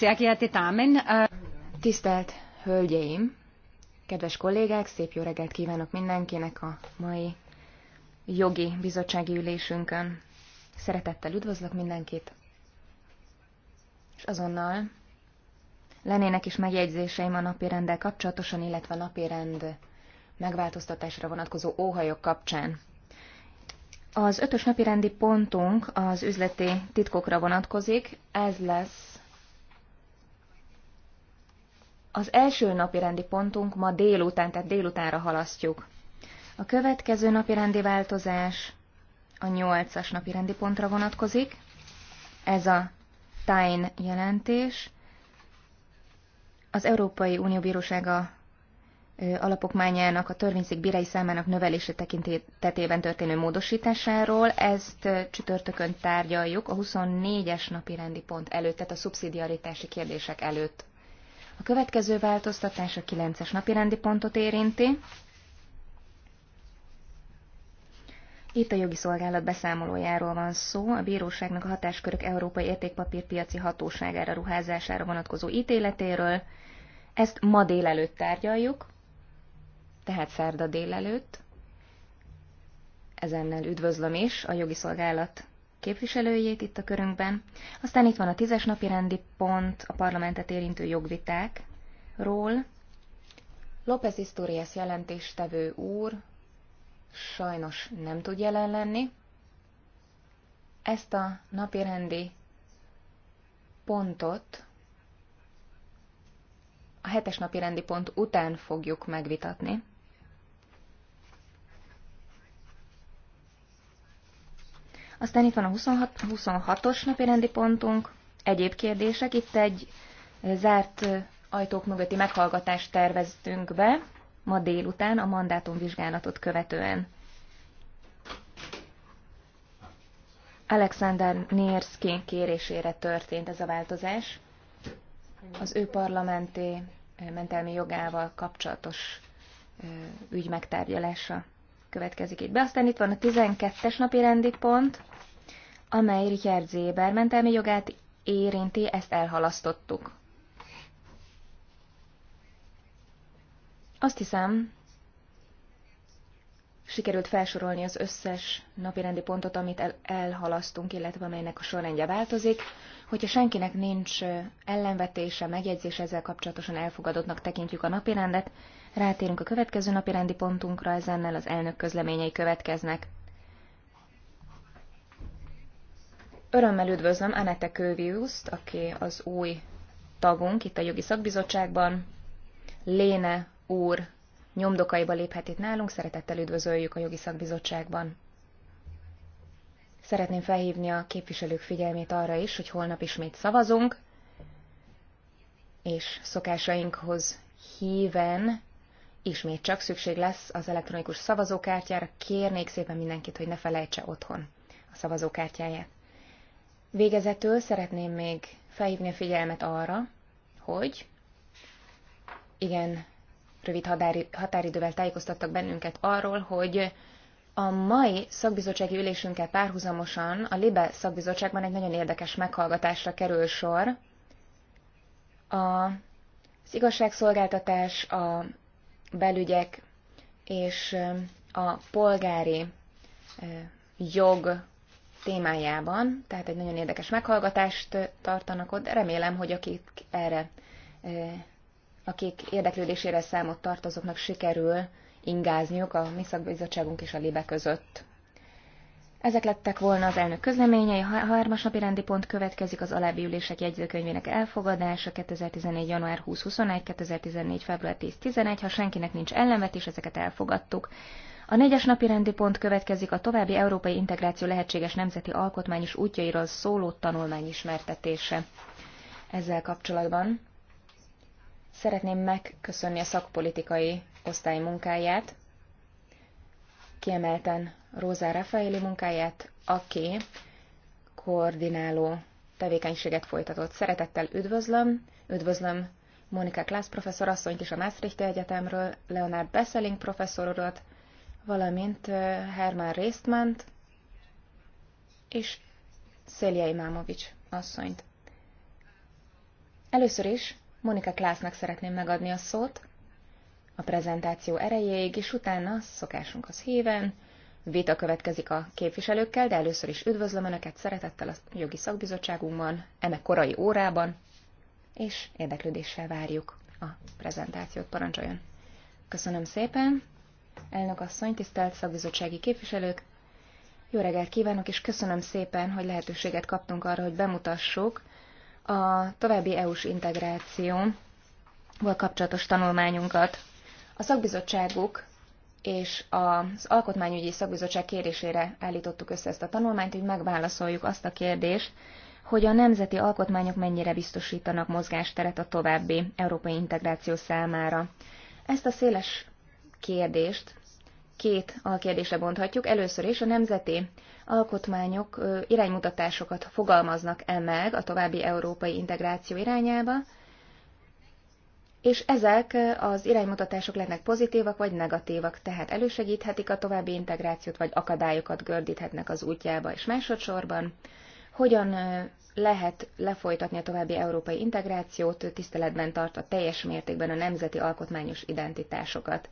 Sehr geehrte Damen, Tisztelt Hölgyeim, kedves kollégák, szép jó reggelt kívánok mindenkinek a mai jogi bizottsági ülésünkön. Szeretettel üdvözlök mindenkit, és azonnal lennének is megjegyzéseim a napirenddel kapcsolatosan, illetve a napirend megváltoztatásra vonatkozó óhajok kapcsán. Az ötös napi rendi pontunk az üzleti titkokra vonatkozik, ez lesz az első napi rendi pontunk ma délután, tehát délutánra halasztjuk. A következő napi rendi változás a nyolcas napi rendi pontra vonatkozik. Ez a Tain jelentés. Az Európai Unió Bírósága alapokmányának a törvényszék bírái számának növelése tekintetében történő módosításáról. Ezt csütörtökön tárgyaljuk a 24-es napi rendi pont előtt, tehát a szubszidiaritási kérdések előtt. A következő változtatás a 9-es rendi pontot érinti. Itt a jogi szolgálat beszámolójáról van szó, a bíróságnak a hatáskörök Európai Értékpapírpiaci Hatóságára ruházására vonatkozó ítéletéről. Ezt ma délelőtt tárgyaljuk, tehát szerda délelőtt. Ezennel üdvözlöm is a jogi szolgálat képviselőjét itt a körünkben. Aztán itt van a tízes napi rendi pont a parlamentet érintő jogvitákról. López Isturias jelentéstevő úr sajnos nem tud jelen lenni. Ezt a napirendi pontot a hetes napi rendi pont után fogjuk megvitatni. Aztán itt van a 26, 26-os napi rendi pontunk, egyéb kérdések. Itt egy eh, zárt eh, ajtók mögötti meghallgatást terveztünk be ma délután a mandátum vizsgálatot követően. Alexander Nierski kérésére történt ez a változás. Az ő parlamenti eh, mentelmi jogával kapcsolatos ügy megtárgyalása következik itt be. Aztán itt van a 12-es napi rendi pont, amely Richard Zéber mentelmi jogát érinti, ezt elhalasztottuk. Azt hiszem, sikerült felsorolni az összes napirendi pontot, amit el- elhalasztunk, illetve amelynek a sorrendje változik. Hogyha senkinek nincs ellenvetése, megjegyzés ezzel kapcsolatosan elfogadottnak tekintjük a napirendet, rátérünk a következő napirendi pontunkra, ezennel az elnök közleményei következnek. Örömmel üdvözlöm Anette Köviuszt, aki az új tagunk itt a jogi szakbizottságban, Léne úr nyomdokaiba léphet itt nálunk, szeretettel üdvözöljük a jogi szakbizottságban. Szeretném felhívni a képviselők figyelmét arra is, hogy holnap ismét szavazunk, és szokásainkhoz híven ismét csak szükség lesz az elektronikus szavazókártyára. Kérnék szépen mindenkit, hogy ne felejtse otthon a szavazókártyáját. Végezetül szeretném még felhívni a figyelmet arra, hogy igen, rövid határidővel tájékoztattak bennünket arról, hogy a mai szakbizottsági ülésünkkel párhuzamosan a LIBE szakbizottságban egy nagyon érdekes meghallgatásra kerül sor. A, az igazságszolgáltatás, a belügyek és a polgári jog témájában, tehát egy nagyon érdekes meghallgatást tartanak ott, remélem, hogy akik erre akik érdeklődésére számot tartozóknak sikerül ingázniuk a mi szakbizottságunk és a Libe között. Ezek lettek volna az elnök közleményei, a hármas napi rendi pont következik az alábbi ülések jegyzőkönyvének elfogadása 2014. január 20-21, 2014. február 10-11, ha senkinek nincs ellenvetés, ezeket elfogadtuk. A négyes napi rendi pont következik a további európai integráció lehetséges nemzeti alkotmányos útjairól szóló tanulmány ismertetése. Ezzel kapcsolatban Szeretném megköszönni a szakpolitikai osztály munkáját, kiemelten Rózá Rafaeli munkáját, aki koordináló tevékenységet folytatott. Szeretettel üdvözlöm, üdvözlöm Monika Klász professzor asszonyt is a Maastricht Egyetemről, Leonard Besseling professzorodat, valamint Herman Résztment és Szélja Imámovics asszonyt. Először is Monika Klásznak szeretném megadni a szót a prezentáció erejéig, és utána szokásunkhoz híven vita következik a képviselőkkel, de először is üdvözlöm Önöket szeretettel a jogi szakbizottságunkban, eme korai órában, és érdeklődéssel várjuk a prezentációt. Parancsoljon! Köszönöm szépen! Elnök asszony, tisztelt szakbizottsági képviselők! Jó reggelt kívánok, és köszönöm szépen, hogy lehetőséget kaptunk arra, hogy bemutassuk a további EU-s integrációval kapcsolatos tanulmányunkat. A szakbizottságuk és az Alkotmányügyi Szakbizottság kérésére állítottuk össze ezt a tanulmányt, hogy megválaszoljuk azt a kérdést, hogy a nemzeti alkotmányok mennyire biztosítanak mozgásteret a további európai integráció számára. Ezt a széles kérdést két alkérdésre bonthatjuk. Először is a nemzeti alkotmányok iránymutatásokat fogalmaznak el meg a további európai integráció irányába, és ezek az iránymutatások lennek pozitívak vagy negatívak, tehát elősegíthetik a további integrációt, vagy akadályokat gördíthetnek az útjába. És másodszorban, hogyan lehet lefolytatni a további európai integrációt, tiszteletben tartva teljes mértékben a nemzeti alkotmányos identitásokat.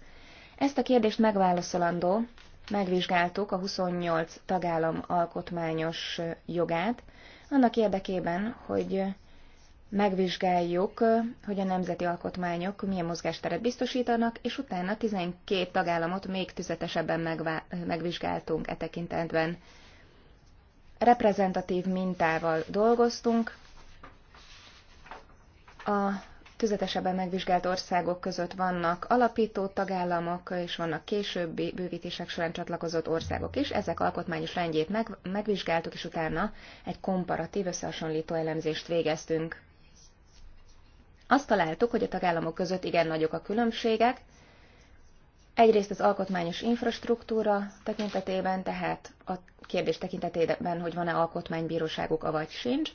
Ezt a kérdést megválaszolandó, megvizsgáltuk a 28 tagállam alkotmányos jogát, annak érdekében, hogy megvizsgáljuk, hogy a nemzeti alkotmányok milyen mozgásteret biztosítanak, és utána 12 tagállamot még tüzetesebben megvizsgáltunk e tekintetben. Reprezentatív mintával dolgoztunk, a tüzetesebben megvizsgált országok között vannak alapító tagállamok, és vannak későbbi bővítések során csatlakozott országok is. Ezek alkotmányos rendjét meg, megvizsgáltuk, és utána egy komparatív összehasonlító elemzést végeztünk. Azt találtuk, hogy a tagállamok között igen nagyok a különbségek, Egyrészt az alkotmányos infrastruktúra tekintetében, tehát a kérdés tekintetében, hogy van-e alkotmánybíróságuk, avagy sincs,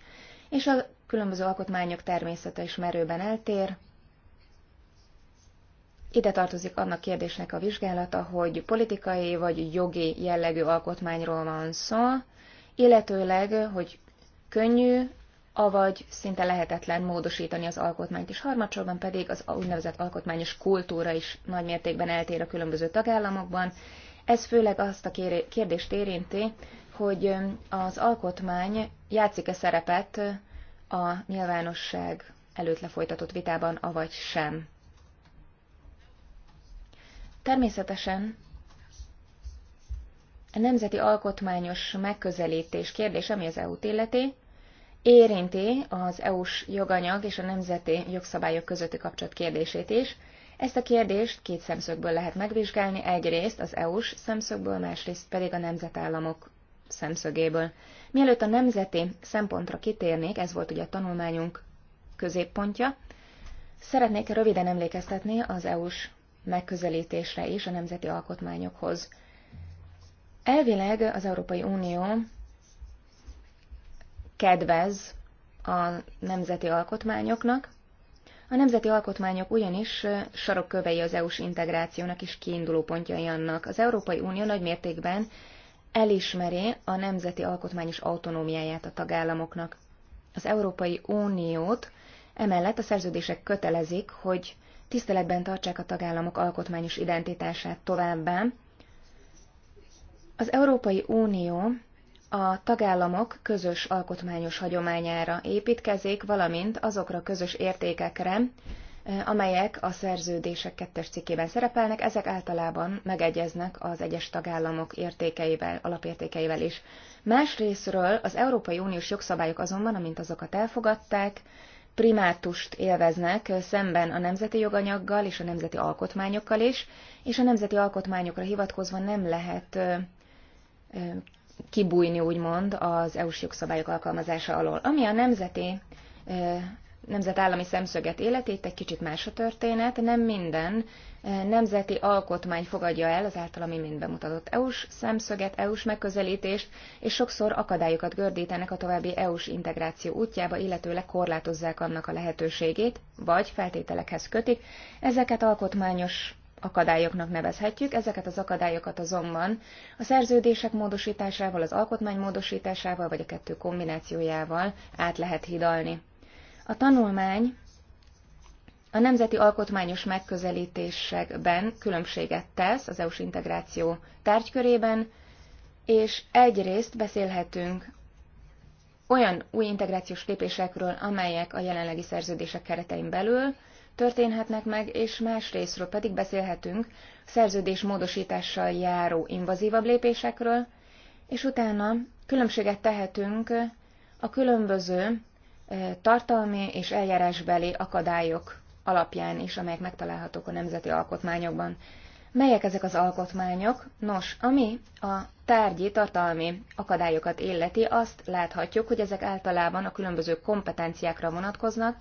és a különböző alkotmányok természete is merőben eltér. Ide tartozik annak kérdésnek a vizsgálata, hogy politikai vagy jogi jellegű alkotmányról van szó, illetőleg, hogy könnyű, avagy szinte lehetetlen módosítani az alkotmányt, is. harmadsorban pedig az úgynevezett alkotmányos kultúra is nagymértékben eltér a különböző tagállamokban. Ez főleg azt a kérdést érinti, hogy az alkotmány játszik-e szerepet a nyilvánosság előtt lefolytatott vitában, avagy sem. Természetesen a nemzeti alkotmányos megközelítés kérdés, ami az EU-t illeti, érinti az EU-s joganyag és a nemzeti jogszabályok közötti kapcsolat kérdését is. Ezt a kérdést két szemszögből lehet megvizsgálni, egyrészt az EU-s szemszögből, másrészt pedig a nemzetállamok szemszögéből. Mielőtt a nemzeti szempontra kitérnék, ez volt ugye a tanulmányunk középpontja, szeretnék röviden emlékeztetni az EU-s megközelítésre és a nemzeti alkotmányokhoz. Elvileg az Európai Unió kedvez a nemzeti alkotmányoknak. A nemzeti alkotmányok ugyanis sarokkövei az EU-s integrációnak és kiinduló pontjai annak. Az Európai Unió nagy mértékben elismeri a nemzeti alkotmányos autonómiáját a tagállamoknak. Az Európai Uniót emellett a szerződések kötelezik, hogy tiszteletben tartsák a tagállamok alkotmányos identitását továbbá. Az Európai Unió a tagállamok közös alkotmányos hagyományára építkezik, valamint azokra a közös értékekre, Eh, amelyek a szerződések kettes cikkében szerepelnek, ezek általában megegyeznek az egyes tagállamok értékeivel, alapértékeivel is. Másrésztről az Európai Uniós jogszabályok azonban, amint azokat elfogadták, primátust élveznek eh, szemben a nemzeti joganyaggal és a nemzeti alkotmányokkal is, és a nemzeti alkotmányokra hivatkozva nem lehet eh, kibújni, úgymond, az EU-s jogszabályok alkalmazása alól. Ami a nemzeti nemzetállami szemszöget életét, egy kicsit más a történet, nem minden eh, nemzeti alkotmány fogadja el az általam imént bemutatott EU-s szemszöget, EU-s megközelítést, és sokszor akadályokat gördítenek a további EU-s integráció útjába, illetőleg korlátozzák annak a lehetőségét, vagy feltételekhez kötik. Ezeket alkotmányos akadályoknak nevezhetjük, ezeket az akadályokat azonban a szerződések módosításával, az alkotmány módosításával, vagy a kettő kombinációjával át lehet hidalni. A tanulmány a nemzeti alkotmányos megközelítésekben különbséget tesz az EU-s integráció tárgykörében, és egyrészt beszélhetünk olyan új integrációs lépésekről, amelyek a jelenlegi szerződések keretein belül történhetnek meg, és másrésztről pedig beszélhetünk szerződés módosítással járó invazívabb lépésekről, és utána különbséget tehetünk a különböző tartalmi és eljárásbeli akadályok alapján is, amelyek megtalálhatók a nemzeti alkotmányokban. Melyek ezek az alkotmányok? Nos, ami a tárgyi, tartalmi akadályokat illeti, azt láthatjuk, hogy ezek általában a különböző kompetenciákra vonatkoznak,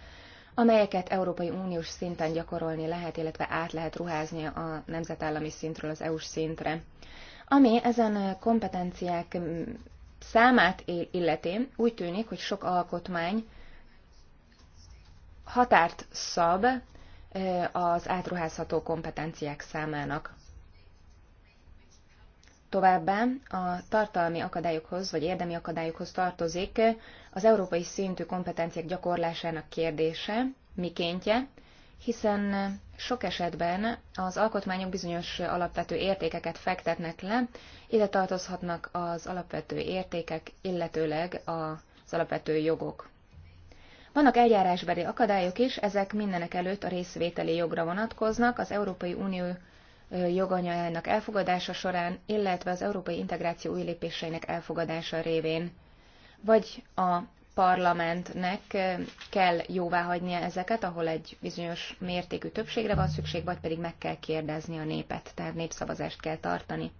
amelyeket Európai Uniós szinten gyakorolni lehet, illetve át lehet ruházni a nemzetállami szintről az EU-s szintre. Ami ezen kompetenciák mm, számát illeti, úgy tűnik, hogy sok alkotmány határt szab az átruházható kompetenciák számának. Továbbá a tartalmi akadályokhoz vagy érdemi akadályokhoz tartozik az európai szintű kompetenciák gyakorlásának kérdése, mikéntje, hiszen sok esetben az alkotmányok bizonyos alapvető értékeket fektetnek le, ide tartozhatnak az alapvető értékek, illetőleg az alapvető jogok. Vannak eljárásbeli akadályok is, ezek mindenek előtt a részvételi jogra vonatkoznak, az Európai Unió joganyagának elfogadása során, illetve az európai integráció új lépéseinek elfogadása révén. Vagy a parlamentnek kell jóváhagynia ezeket, ahol egy bizonyos mértékű többségre van szükség, vagy pedig meg kell kérdezni a népet, tehát népszavazást kell tartani.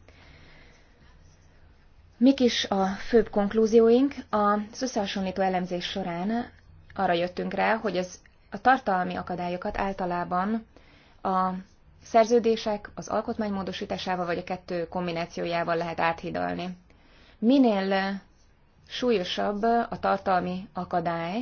Mik is a főbb konklúzióink? Az összehasonlító elemzés során arra jöttünk rá, hogy az, a tartalmi akadályokat általában a szerződések az alkotmány módosításával vagy a kettő kombinációjával lehet áthidalni. Minél eh, súlyosabb a tartalmi akadály,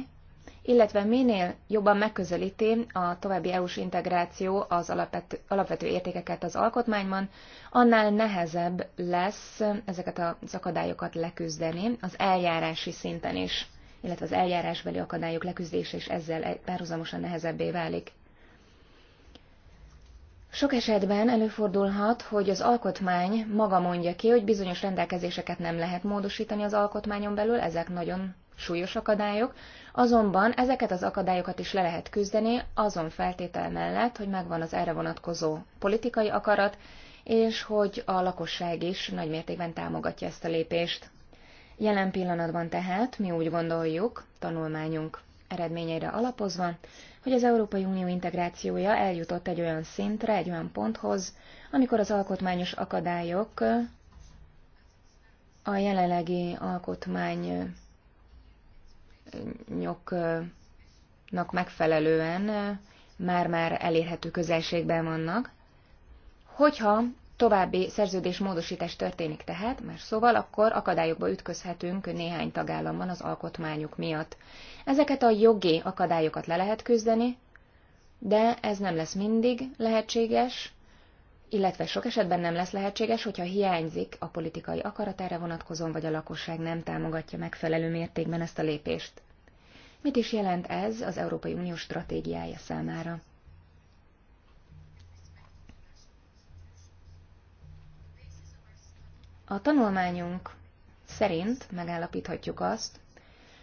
illetve minél jobban megközelíti a további EU-s integráció az alapvető, alapvető értékeket az alkotmányban, annál nehezebb lesz ezeket az akadályokat leküzdeni az eljárási szinten is illetve az eljárásbeli akadályok leküzdése is ezzel párhuzamosan nehezebbé válik. Sok esetben előfordulhat, hogy az alkotmány maga mondja ki, hogy bizonyos rendelkezéseket nem lehet módosítani az alkotmányon belül, ezek nagyon súlyos akadályok, azonban ezeket az akadályokat is le lehet küzdeni azon feltétel mellett, hogy megvan az erre vonatkozó politikai akarat, és hogy a lakosság is nagymértékben támogatja ezt a lépést. Jelen pillanatban tehát mi úgy gondoljuk, tanulmányunk eredményeire alapozva, hogy az Európai Unió integrációja eljutott egy olyan szintre, egy olyan ponthoz, amikor az alkotmányos akadályok a jelenlegi alkotmányoknak megfelelően már-már elérhető közelségben vannak, hogyha további szerződésmódosítás történik tehát, mert szóval akkor akadályokba ütközhetünk néhány tagállamban az alkotmányuk miatt. Ezeket a jogi akadályokat le lehet küzdeni, de ez nem lesz mindig lehetséges, illetve sok esetben nem lesz lehetséges, hogyha hiányzik a politikai akarat erre vonatkozóan, vagy a lakosság nem támogatja megfelelő mértékben ezt a lépést. Mit is jelent ez az Európai Unió stratégiája számára? A tanulmányunk szerint megállapíthatjuk azt,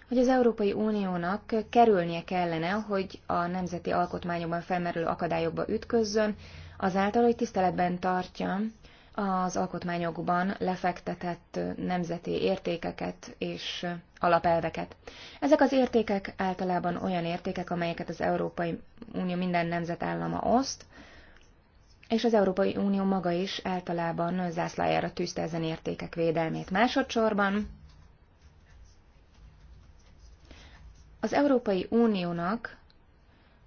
hogy az Európai Uniónak kerülnie kellene, hogy a nemzeti alkotmányokban felmerülő akadályokba ütközzön, azáltal, hogy tiszteletben tartja az alkotmányokban lefektetett nemzeti értékeket és alapelveket. Ezek az értékek általában olyan értékek, amelyeket az Európai Unió minden nemzetállama oszt, és az Európai Unió maga is általában zászlájára tűzte ezen értékek védelmét. Másodszorban az Európai Uniónak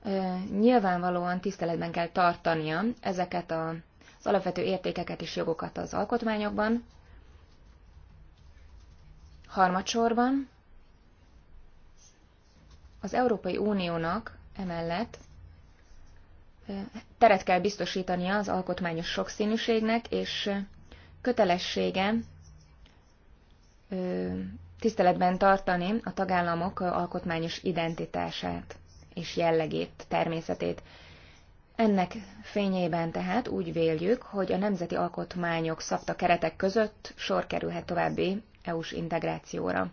ö, nyilvánvalóan tiszteletben kell tartania ezeket a, az alapvető értékeket és jogokat az alkotmányokban. Harmadsorban az Európai Uniónak emellett teret kell biztosítania az alkotmányos sokszínűségnek, és kötelessége tiszteletben tartani a tagállamok alkotmányos identitását és jellegét, természetét. Ennek fényében tehát úgy véljük, hogy a nemzeti alkotmányok szabta keretek között sor kerülhet további EU-s integrációra.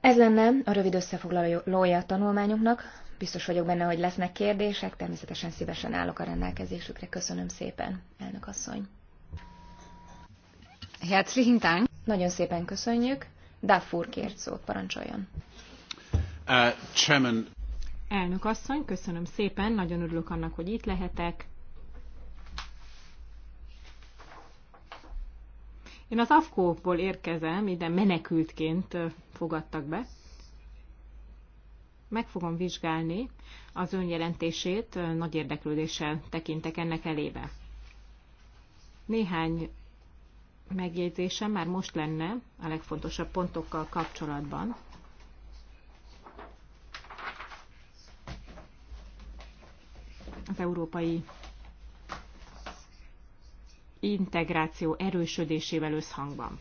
Ez lenne a rövid összefoglalója a tanulmányoknak, Biztos vagyok benne, hogy lesznek kérdések, természetesen szívesen állok a rendelkezésükre. Köszönöm szépen, elnök asszony. Herzlichen Dank. Nagyon szépen köszönjük. Duffur kért szót, parancsoljon. Uh, chairman. Elnök asszony, köszönöm szépen, nagyon örülök annak, hogy itt lehetek. Én az AFKO-ból érkezem, ide menekültként uh, fogadtak be meg fogom vizsgálni az önjelentését, nagy érdeklődéssel tekintek ennek elébe. Néhány megjegyzésem már most lenne a legfontosabb pontokkal kapcsolatban. Az európai integráció erősödésével összhangban.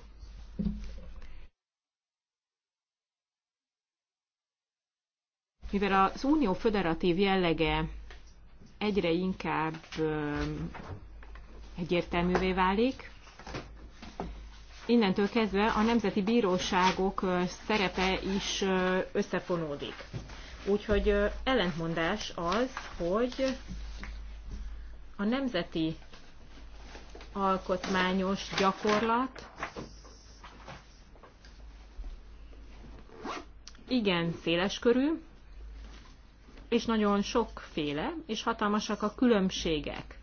mivel az unió föderatív jellege egyre inkább egyértelművé válik, innentől kezdve a nemzeti bíróságok szerepe is összefonódik. Úgyhogy ellentmondás az, hogy a nemzeti alkotmányos gyakorlat igen széleskörű, és nagyon sokféle, és hatalmasak a különbségek.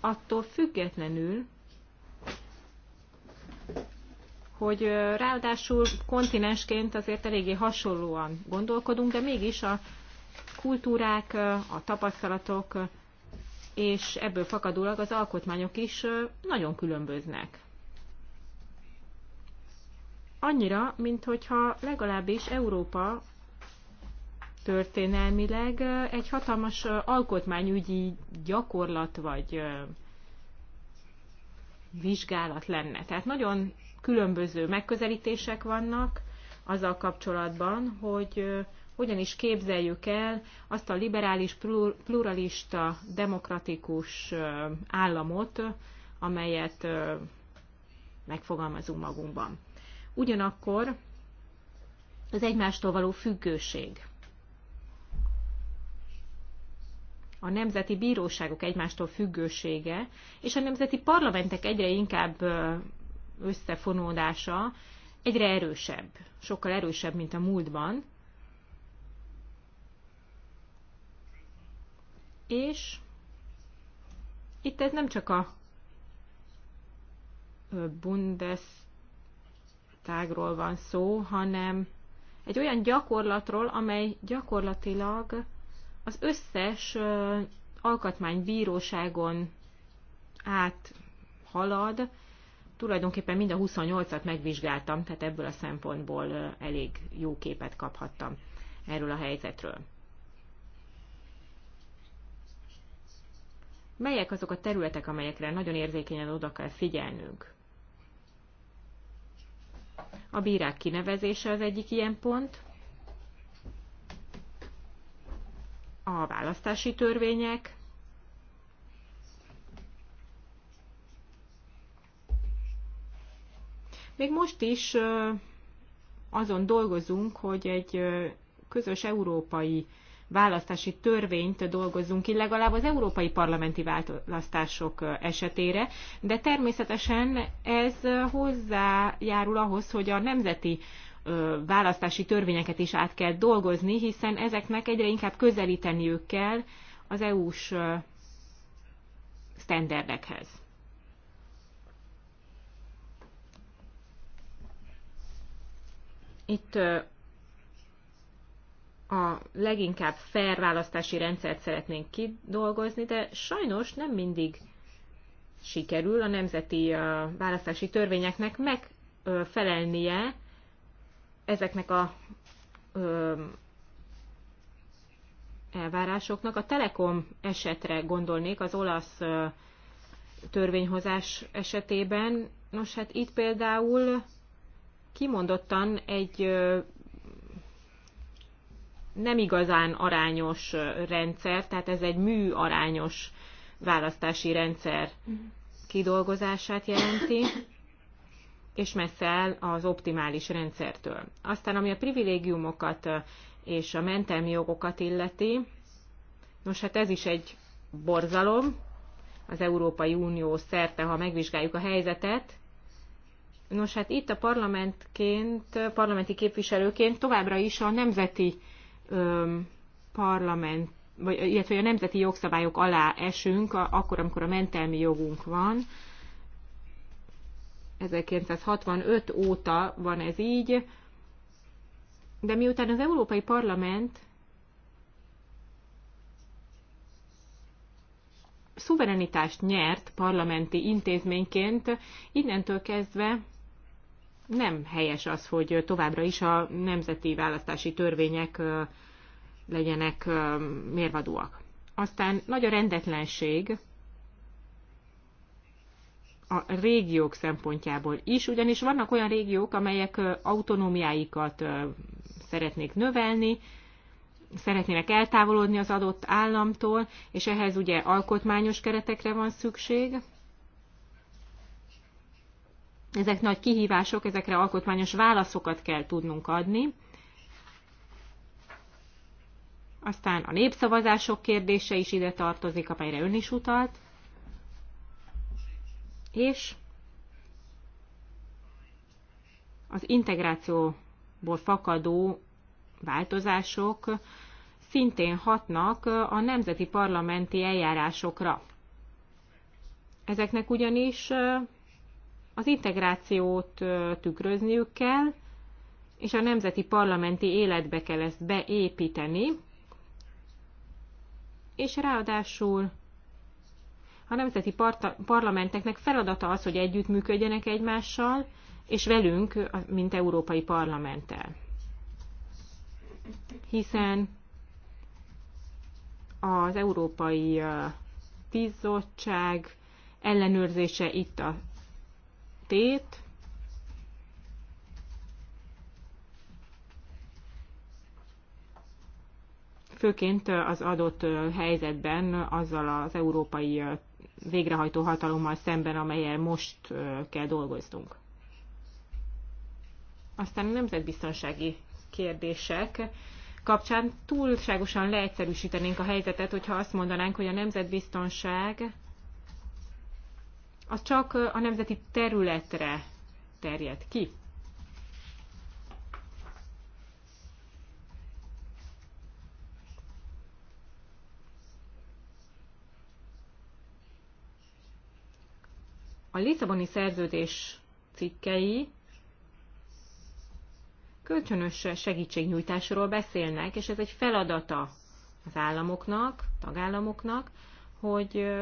Attól függetlenül, hogy ráadásul kontinensként azért eléggé hasonlóan gondolkodunk, de mégis a kultúrák, a tapasztalatok és ebből fakadólag az alkotmányok is nagyon különböznek. Annyira, mint hogyha legalábbis Európa történelmileg egy hatalmas alkotmányügyi gyakorlat vagy vizsgálat lenne. Tehát nagyon különböző megközelítések vannak azzal kapcsolatban, hogy hogyan is képzeljük el azt a liberális, pluralista, demokratikus államot, amelyet megfogalmazunk magunkban. Ugyanakkor az egymástól való függőség a nemzeti bíróságok egymástól függősége, és a nemzeti parlamentek egyre inkább összefonódása egyre erősebb, sokkal erősebb, mint a múltban. És itt ez nem csak a Bundestagról van szó, hanem egy olyan gyakorlatról, amely gyakorlatilag az összes alkotmánybíróságon át halad, tulajdonképpen mind a 28-at megvizsgáltam, tehát ebből a szempontból elég jó képet kaphattam erről a helyzetről. Melyek azok a területek, amelyekre nagyon érzékenyen oda kell figyelnünk? A bírák kinevezése az egyik ilyen pont. a választási törvények, Még most is azon dolgozunk, hogy egy közös európai választási törvényt dolgozzunk ki, legalább az európai parlamenti választások esetére, de természetesen ez hozzájárul ahhoz, hogy a nemzeti választási törvényeket is át kell dolgozni, hiszen ezeknek egyre inkább közelíteniük kell az EU-s sztenderdekhez. Itt a leginkább fair választási rendszert szeretnénk kidolgozni, de sajnos nem mindig sikerül a nemzeti választási törvényeknek megfelelnie ezeknek a ö, elvárásoknak. A Telekom esetre gondolnék, az olasz ö, törvényhozás esetében. Nos, hát itt például kimondottan egy ö, nem igazán arányos rendszer, tehát ez egy mű arányos választási rendszer mhm. kidolgozását jelenti és messze el az optimális rendszertől. Aztán, ami a privilégiumokat és a mentelmi jogokat illeti, nos hát ez is egy borzalom az Európai Unió szerte, ha megvizsgáljuk a helyzetet. Nos hát itt a parlamentként, parlamenti képviselőként továbbra is a nemzeti öm, parlament, vagy, illetve a nemzeti jogszabályok alá esünk, akkor, amikor a mentelmi jogunk van, 1965 óta van ez így, de miután az Európai Parlament szuverenitást nyert parlamenti intézményként, innentől kezdve nem helyes az, hogy továbbra is a nemzeti választási törvények legyenek mérvadóak. Aztán nagy a rendetlenség a régiók szempontjából is, ugyanis vannak olyan régiók, amelyek autonómiáikat szeretnék növelni, szeretnének eltávolodni az adott államtól, és ehhez ugye alkotmányos keretekre van szükség. Ezek nagy kihívások, ezekre alkotmányos válaszokat kell tudnunk adni. Aztán a népszavazások kérdése is ide tartozik, amelyre ön is utalt és az integrációból fakadó változások szintén hatnak a nemzeti parlamenti eljárásokra. Ezeknek ugyanis az integrációt tükrözniük kell, és a nemzeti parlamenti életbe kell ezt beépíteni, és ráadásul a nemzeti parlamenteknek feladata az, hogy együttműködjenek egymással, és velünk, mint Európai Parlamenttel. Hiszen az Európai Bizottság ellenőrzése itt a tét, főként az adott helyzetben azzal az európai végrehajtó hatalommal szemben, amelyel most kell dolgoznunk. Aztán a nemzetbiztonsági kérdések kapcsán túlságosan leegyszerűsítenénk a helyzetet, hogyha azt mondanánk, hogy a nemzetbiztonság az csak a nemzeti területre terjed ki. A Lisszaboni szerződés cikkei kölcsönös segítségnyújtásról beszélnek, és ez egy feladata az államoknak, tagállamoknak, hogy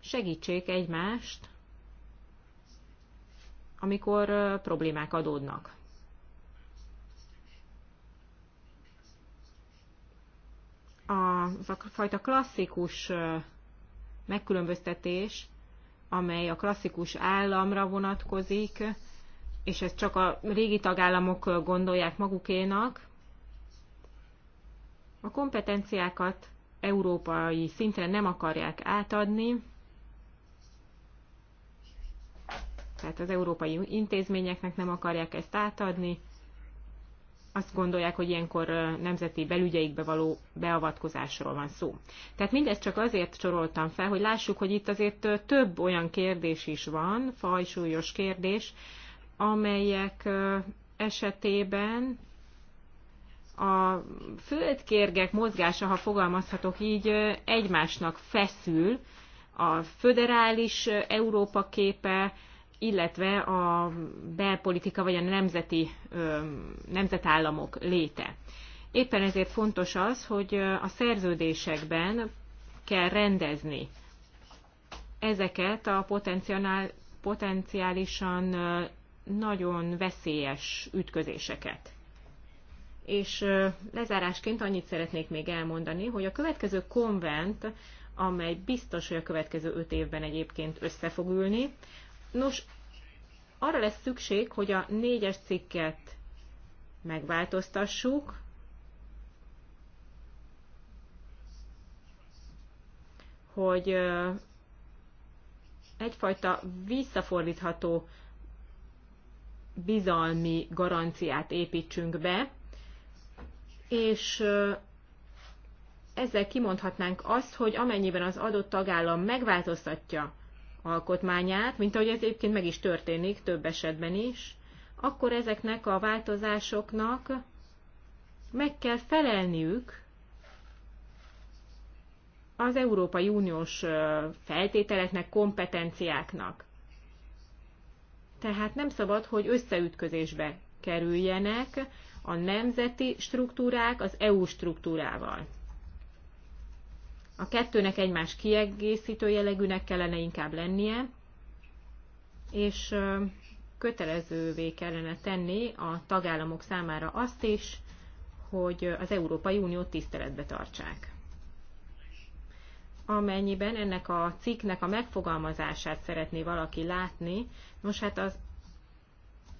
segítsék egymást, amikor problémák adódnak. Az a fajta klasszikus megkülönböztetés amely a klasszikus államra vonatkozik, és ezt csak a régi tagállamok gondolják magukénak, a kompetenciákat európai szintre nem akarják átadni, tehát az európai intézményeknek nem akarják ezt átadni, azt gondolják, hogy ilyenkor nemzeti belügyeikbe való beavatkozásról van szó. Tehát mindezt csak azért csoroltam fel, hogy lássuk, hogy itt azért több olyan kérdés is van, fajsúlyos kérdés, amelyek esetében a földkérgek mozgása, ha fogalmazhatok így, egymásnak feszül, a föderális Európa képe, illetve a belpolitika vagy a nemzeti, nemzetállamok léte. Éppen ezért fontos az, hogy a szerződésekben kell rendezni ezeket a potenciál, potenciálisan nagyon veszélyes ütközéseket. És lezárásként annyit szeretnék még elmondani, hogy a következő konvent, amely biztos, hogy a következő öt évben egyébként össze fog ülni, Nos, arra lesz szükség, hogy a négyes cikket megváltoztassuk, hogy egyfajta visszafordítható bizalmi garanciát építsünk be, és ezzel kimondhatnánk azt, hogy amennyiben az adott tagállam megváltoztatja alkotmányát, mint ahogy ez egyébként meg is történik több esetben is, akkor ezeknek a változásoknak meg kell felelniük az Európai Uniós feltételeknek, kompetenciáknak. Tehát nem szabad, hogy összeütközésbe kerüljenek a nemzeti struktúrák az EU struktúrával. A kettőnek egymás kiegészítő jellegűnek kellene inkább lennie, és kötelezővé kellene tenni a tagállamok számára azt is, hogy az Európai Uniót tiszteletbe tartsák. Amennyiben ennek a cikknek a megfogalmazását szeretné valaki látni, most hát az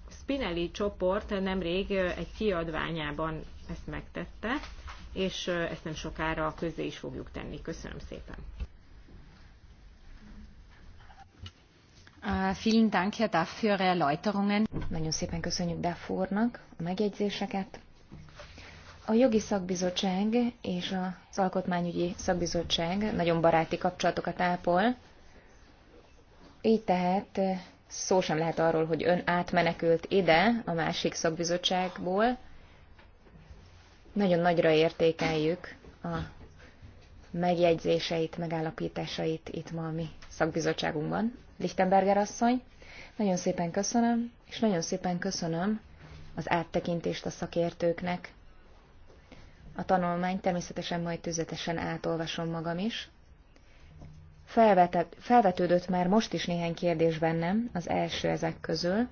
Spinelli csoport nemrég egy kiadványában ezt megtette, és ezt nem sokára közzé is fogjuk tenni. Köszönöm szépen! Vielen Dank, Herr Duff, für Ihre Erläuterungen. Nagyon szépen köszönjük Duff úrnak a megjegyzéseket. A jogi szakbizottság és az alkotmányügyi szakbizottság nagyon baráti kapcsolatokat ápol, így tehát szó sem lehet arról, hogy ön átmenekült ide a másik szakbizottságból, nagyon nagyra értékeljük a megjegyzéseit, megállapításait itt ma a mi szakbizottságunkban. Lichtenberger asszony, nagyon szépen köszönöm, és nagyon szépen köszönöm az áttekintést a szakértőknek. A tanulmány természetesen majd tüzetesen átolvasom magam is. felvetődött már most is néhány kérdés bennem, az első ezek közül –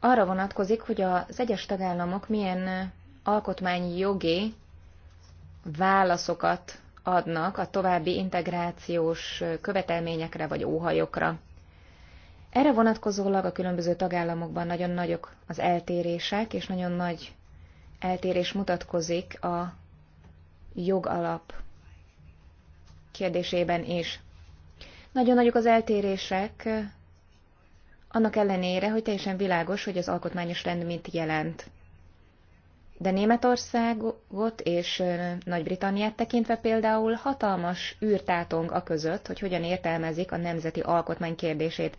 arra vonatkozik, hogy az egyes tagállamok milyen alkotmányi jogi válaszokat adnak a további integrációs követelményekre vagy óhajokra. Erre vonatkozólag a különböző tagállamokban nagyon nagyok az eltérések, és nagyon nagy eltérés mutatkozik a jogalap kérdésében is. Nagyon nagyok az eltérések annak ellenére, hogy teljesen világos, hogy az alkotmányos rend mit jelent. De Németországot és Nagy-Britanniát tekintve például hatalmas űrtátong a között, hogy hogyan értelmezik a nemzeti alkotmány kérdését.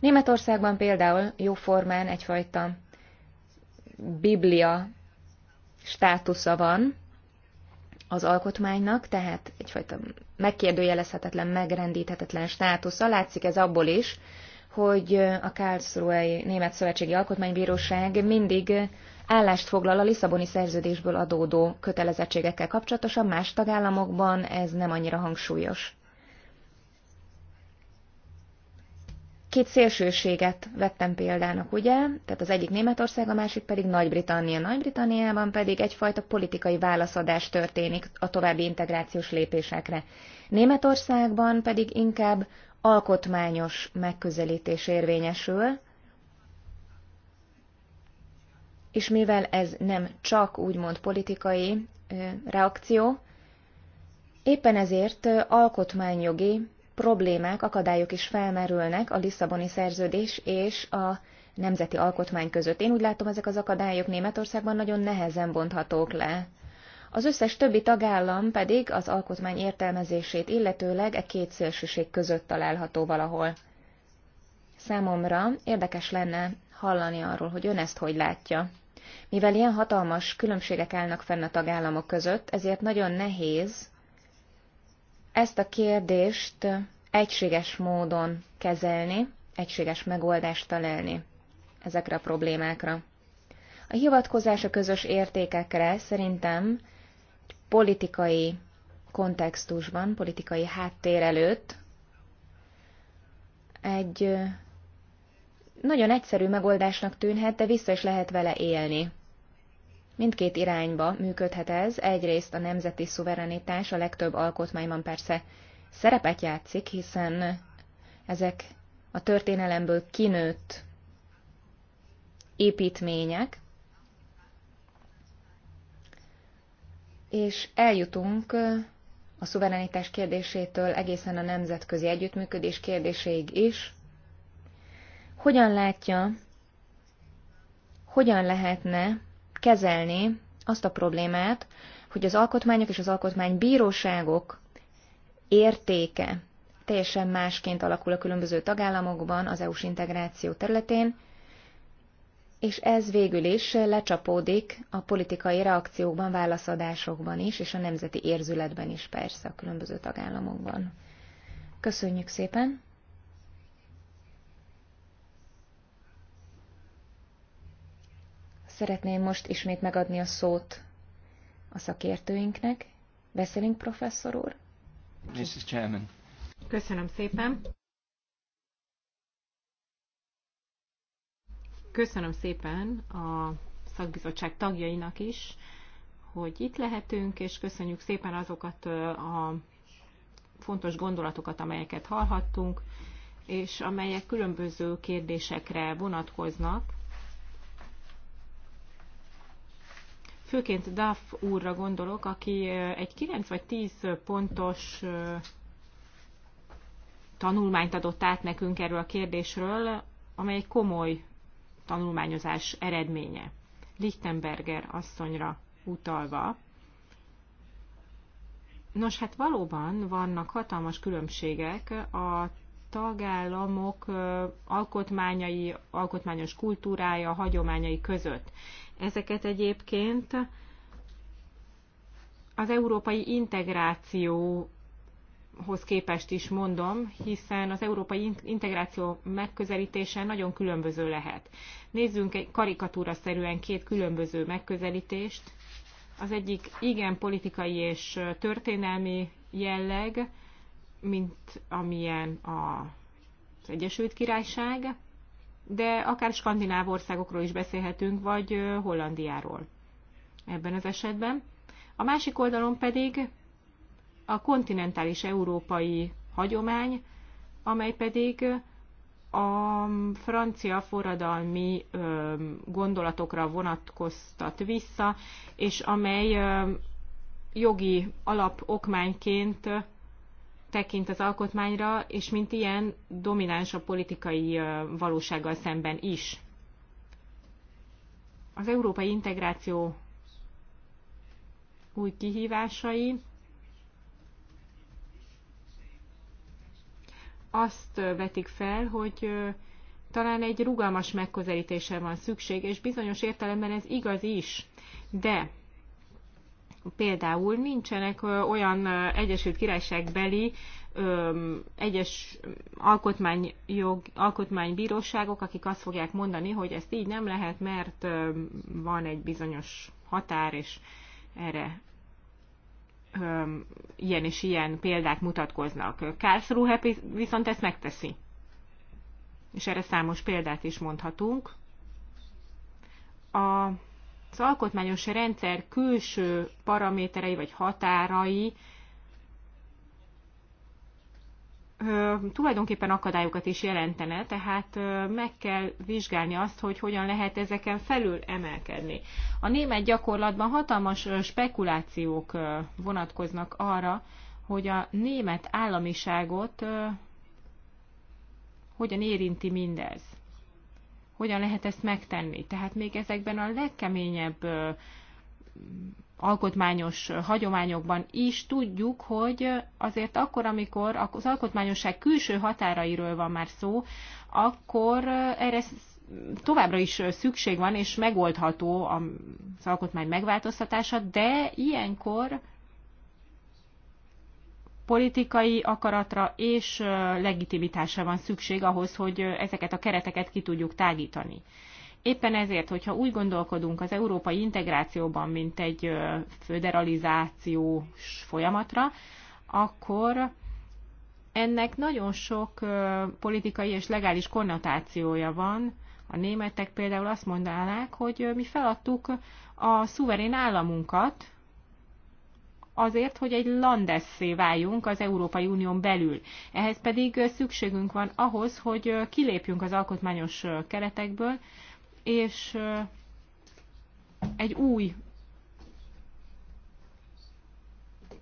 Németországban például jóformán egyfajta biblia státusza van az alkotmánynak, tehát egyfajta megkérdőjelezhetetlen, megrendíthetetlen státusza. Látszik ez abból is, hogy a Karlsruhei Német Szövetségi Alkotmánybíróság mindig állást foglal a Lisszaboni szerződésből adódó kötelezettségekkel kapcsolatosan, más tagállamokban ez nem annyira hangsúlyos. Két szélsőséget vettem példának, ugye? Tehát az egyik Németország, a másik pedig Nagy-Britannia. Nagy-Britanniában pedig egyfajta politikai válaszadás történik a további integrációs lépésekre. Németországban pedig inkább alkotmányos megközelítés érvényesül, és mivel ez nem csak úgymond politikai reakció, éppen ezért alkotmányjogi problémák, akadályok is felmerülnek a Lisszaboni szerződés és a nemzeti alkotmány között. Én úgy látom, ezek az akadályok Németországban nagyon nehezen bonthatók le. Az összes többi tagállam pedig az alkotmány értelmezését illetőleg e két szélsőség között található valahol. Számomra érdekes lenne hallani arról, hogy ön ezt hogy látja. Mivel ilyen hatalmas különbségek állnak fenn a tagállamok között, ezért nagyon nehéz ezt a kérdést egységes módon kezelni, egységes megoldást találni ezekre a problémákra. A hivatkozás a közös értékekre szerintem politikai kontextusban, politikai háttér előtt egy nagyon egyszerű megoldásnak tűnhet, de vissza is lehet vele élni. Mindkét irányba működhet ez, egyrészt a nemzeti szuverenitás a legtöbb alkotmányban persze szerepet játszik, hiszen ezek a történelemből kinőtt építmények, és eljutunk a szuverenitás kérdésétől egészen a nemzetközi együttműködés kérdéséig is. Hogyan látja, hogyan lehetne kezelni azt a problémát, hogy az alkotmányok és az alkotmánybíróságok értéke teljesen másként alakul a különböző tagállamokban az EU-s integráció területén, és ez végül is lecsapódik a politikai reakciókban, válaszadásokban is, és a nemzeti érzületben is persze a különböző tagállamokban. Köszönjük szépen! Szeretném most ismét megadni a szót a szakértőinknek. Beszélünk, professzor úr? Mrs. Chairman. Köszönöm szépen. köszönöm szépen a szakbizottság tagjainak is, hogy itt lehetünk, és köszönjük szépen azokat a fontos gondolatokat, amelyeket hallhattunk, és amelyek különböző kérdésekre vonatkoznak. Főként Duff úrra gondolok, aki egy 9 vagy 10 pontos tanulmányt adott át nekünk erről a kérdésről, amely komoly tanulmányozás eredménye. Lichtenberger asszonyra utalva. Nos, hát valóban vannak hatalmas különbségek a tagállamok alkotmányai, alkotmányos kultúrája, hagyományai között. Ezeket egyébként az európai integráció hoz képest is mondom, hiszen az európai integráció megközelítése nagyon különböző lehet. Nézzünk egy karikatúra szerűen két különböző megközelítést. Az egyik igen politikai és történelmi jelleg, mint amilyen az Egyesült Királyság, de akár skandináv országokról is beszélhetünk, vagy Hollandiáról ebben az esetben. A másik oldalon pedig a kontinentális európai hagyomány, amely pedig a francia forradalmi gondolatokra vonatkoztat vissza, és amely jogi alapokmányként tekint az alkotmányra, és mint ilyen domináns a politikai valósággal szemben is. Az európai integráció új kihívásai azt vetik fel, hogy talán egy rugalmas megközelítése van szükség, és bizonyos értelemben ez igaz is, de például nincsenek olyan Egyesült Királyságbeli egyes alkotmányjog, alkotmánybíróságok, akik azt fogják mondani, hogy ezt így nem lehet, mert van egy bizonyos határ, és erre ilyen és ilyen példák mutatkoznak. Karlsruhe viszont ezt megteszi. És erre számos példát is mondhatunk. A az alkotmányos rendszer külső paraméterei vagy határai tulajdonképpen akadályokat is jelentene, tehát meg kell vizsgálni azt, hogy hogyan lehet ezeken felül emelkedni. A német gyakorlatban hatalmas spekulációk vonatkoznak arra, hogy a német államiságot hogyan érinti mindez. Hogyan lehet ezt megtenni? Tehát még ezekben a legkeményebb alkotmányos hagyományokban is tudjuk, hogy azért akkor, amikor az alkotmányosság külső határairól van már szó, akkor erre továbbra is szükség van, és megoldható az alkotmány megváltoztatása, de ilyenkor politikai akaratra és legitimitásra van szükség ahhoz, hogy ezeket a kereteket ki tudjuk tágítani. Éppen ezért, hogyha úgy gondolkodunk az európai integrációban, mint egy föderalizációs folyamatra, akkor ennek nagyon sok politikai és legális konnotációja van. A németek például azt mondanák, hogy mi feladtuk a szuverén államunkat, azért, hogy egy landesszé váljunk az Európai Unión belül. Ehhez pedig szükségünk van ahhoz, hogy kilépjünk az alkotmányos keretekből, és egy új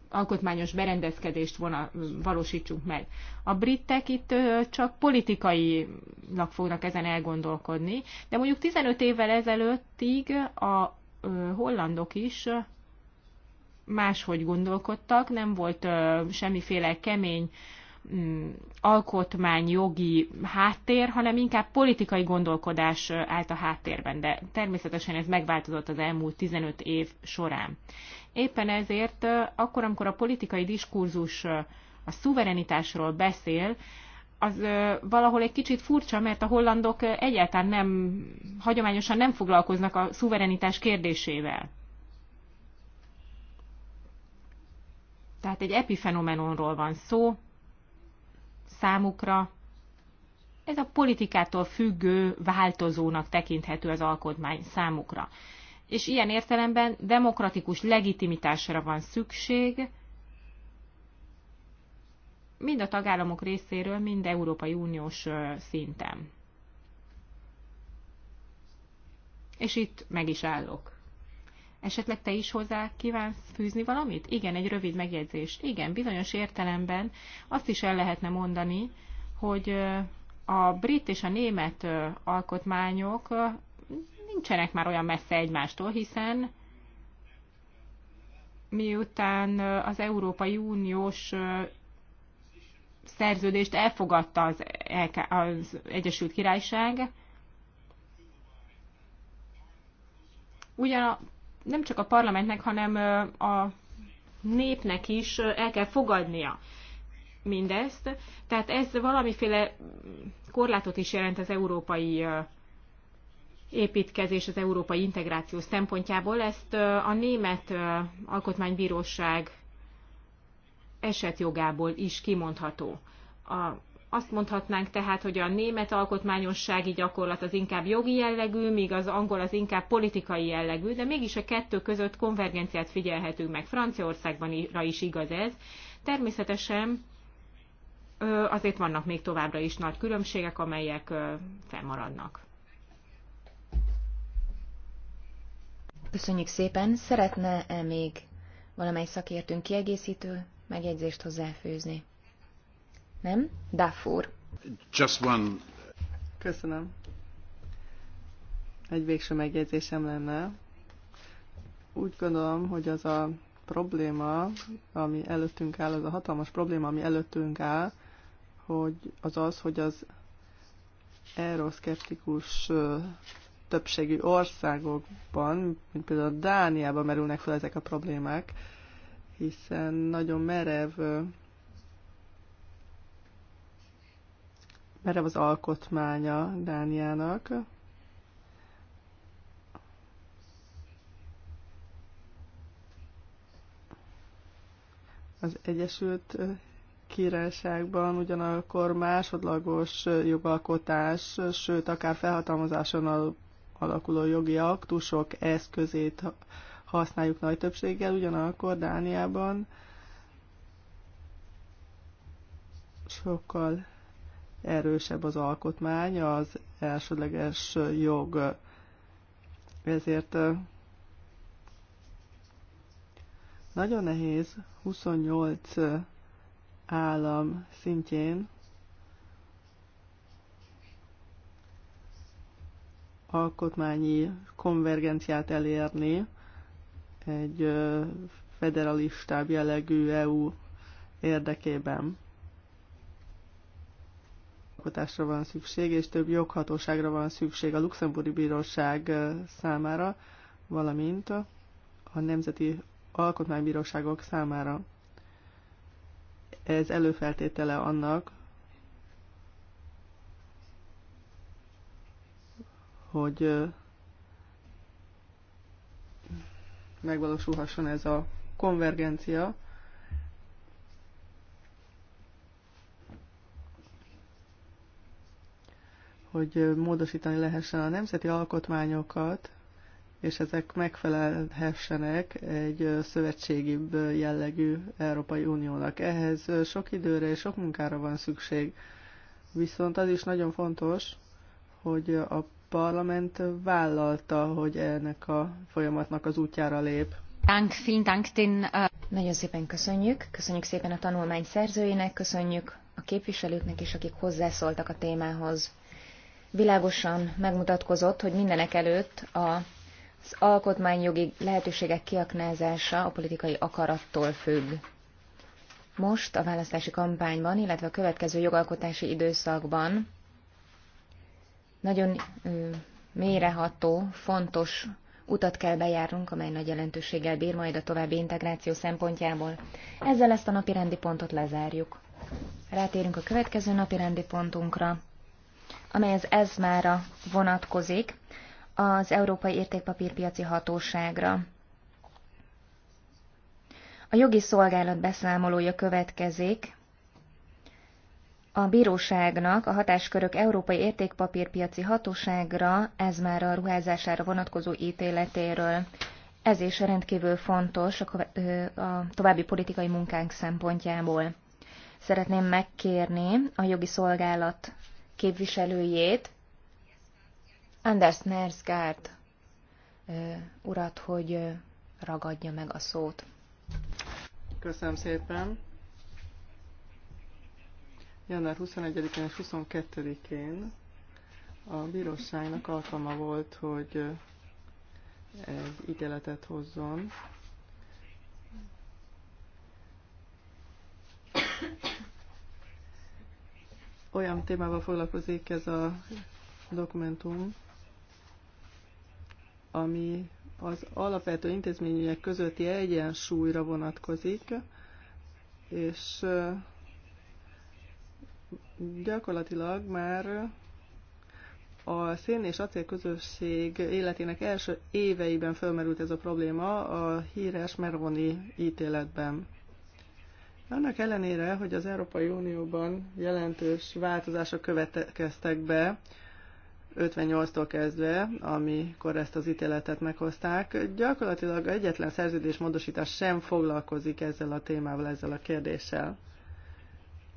alkotmányos berendezkedést vona, valósítsunk meg. A britek itt csak politikailag fognak ezen elgondolkodni, de mondjuk 15 évvel ezelőttig a hollandok is máshogy gondolkodtak, nem volt semmiféle kemény Mm, alkotmányjogi háttér, hanem inkább politikai gondolkodás állt a háttérben, de természetesen ez megváltozott az elmúlt 15 év során. Éppen ezért akkor, amikor a politikai diskurzus a szuverenitásról beszél, az valahol egy kicsit furcsa, mert a hollandok egyáltalán nem, hagyományosan nem foglalkoznak a szuverenitás kérdésével. Tehát egy epifenomenonról van szó, számukra ez a politikától függő, változónak tekinthető az alkotmány számukra. És ilyen értelemben demokratikus legitimitásra van szükség, mind a tagállamok részéről, mind Európai Uniós szinten. És itt meg is állok. Esetleg te is hozzá kívánsz fűzni valamit? Igen, egy rövid megjegyzés. Igen, bizonyos értelemben azt is el lehetne mondani, hogy a brit és a német alkotmányok nincsenek már olyan messze egymástól, hiszen miután az Európai Uniós szerződést elfogadta az, az Egyesült Királyság, ugyan a nem csak a parlamentnek, hanem a népnek is el kell fogadnia mindezt. Tehát ez valamiféle korlátot is jelent az európai építkezés, az európai integráció szempontjából. Ezt a német alkotmánybíróság esetjogából is kimondható. A azt mondhatnánk tehát, hogy a német alkotmányossági gyakorlat az inkább jogi jellegű, míg az angol az inkább politikai jellegű, de mégis a kettő között konvergenciát figyelhetünk meg. Franciaországban is igaz ez. Természetesen azért vannak még továbbra is nagy különbségek, amelyek felmaradnak. Köszönjük szépen! Szeretne-e még valamely szakértőnk kiegészítő megjegyzést hozzáfőzni? Nem? Dafur. Just one. Köszönöm. Egy végső megjegyzésem lenne. Úgy gondolom, hogy az a probléma, ami előttünk áll, az a hatalmas probléma, ami előttünk áll, hogy az az, hogy az euroszkeptikus többségű országokban, mint például Dániában merülnek fel ezek a problémák, hiszen nagyon merev merev az alkotmánya Dániának. Az Egyesült Királyságban ugyanakkor másodlagos jogalkotás, sőt, akár felhatalmazáson alakuló jogi aktusok eszközét használjuk nagy többséggel, ugyanakkor Dániában sokkal erősebb az alkotmány, az elsődleges jog. Ezért nagyon nehéz 28 állam szintjén alkotmányi konvergenciát elérni egy federalistább jellegű EU érdekében alkotásra van szükség, és több joghatóságra van szükség a Luxemburgi Bíróság számára, valamint a Nemzeti Alkotmánybíróságok számára. Ez előfeltétele annak, hogy megvalósulhasson ez a konvergencia, hogy módosítani lehessen a nemzeti alkotmányokat, és ezek megfelelhessenek egy szövetségibb jellegű Európai Uniónak. Ehhez sok időre és sok munkára van szükség. Viszont az is nagyon fontos, hogy a parlament vállalta, hogy ennek a folyamatnak az útjára lép. Dank, vielen Dank den, Nagyon szépen köszönjük. Köszönjük szépen a tanulmány szerzőjének, köszönjük a képviselőknek is, akik hozzászóltak a témához világosan megmutatkozott, hogy mindenek előtt az alkotmányjogi lehetőségek kiaknázása a politikai akarattól függ. Most a választási kampányban, illetve a következő jogalkotási időszakban nagyon mélyreható, fontos utat kell bejárnunk, amely nagy jelentőséggel bír majd a további integráció szempontjából. Ezzel ezt a napi rendi pontot lezárjuk. Rátérünk a következő napi rendi pontunkra amely ez már vonatkozik, az Európai Értékpapírpiaci Hatóságra. A jogi szolgálat beszámolója következik. A bíróságnak a hatáskörök Európai Értékpapírpiaci Hatóságra, ez már a ruházására vonatkozó ítéletéről. Ez is rendkívül fontos a további politikai munkánk szempontjából. Szeretném megkérni a jogi szolgálat képviselőjét, Anders Nersgaard urat, hogy ragadja meg a szót. Köszönöm szépen. Január 21-én és 22-én a bíróságnak alkalma volt, hogy egy ítéletet hozzon olyan témával foglalkozik ez a dokumentum, ami az alapvető intézmények közötti egyensúlyra vonatkozik, és gyakorlatilag már a szén és acél közösség életének első éveiben felmerült ez a probléma a híres Meroni ítéletben. Annak ellenére, hogy az Európai Unióban jelentős változások következtek be, 58-tól kezdve, amikor ezt az ítéletet meghozták, gyakorlatilag egyetlen szerződésmódosítás sem foglalkozik ezzel a témával, ezzel a kérdéssel.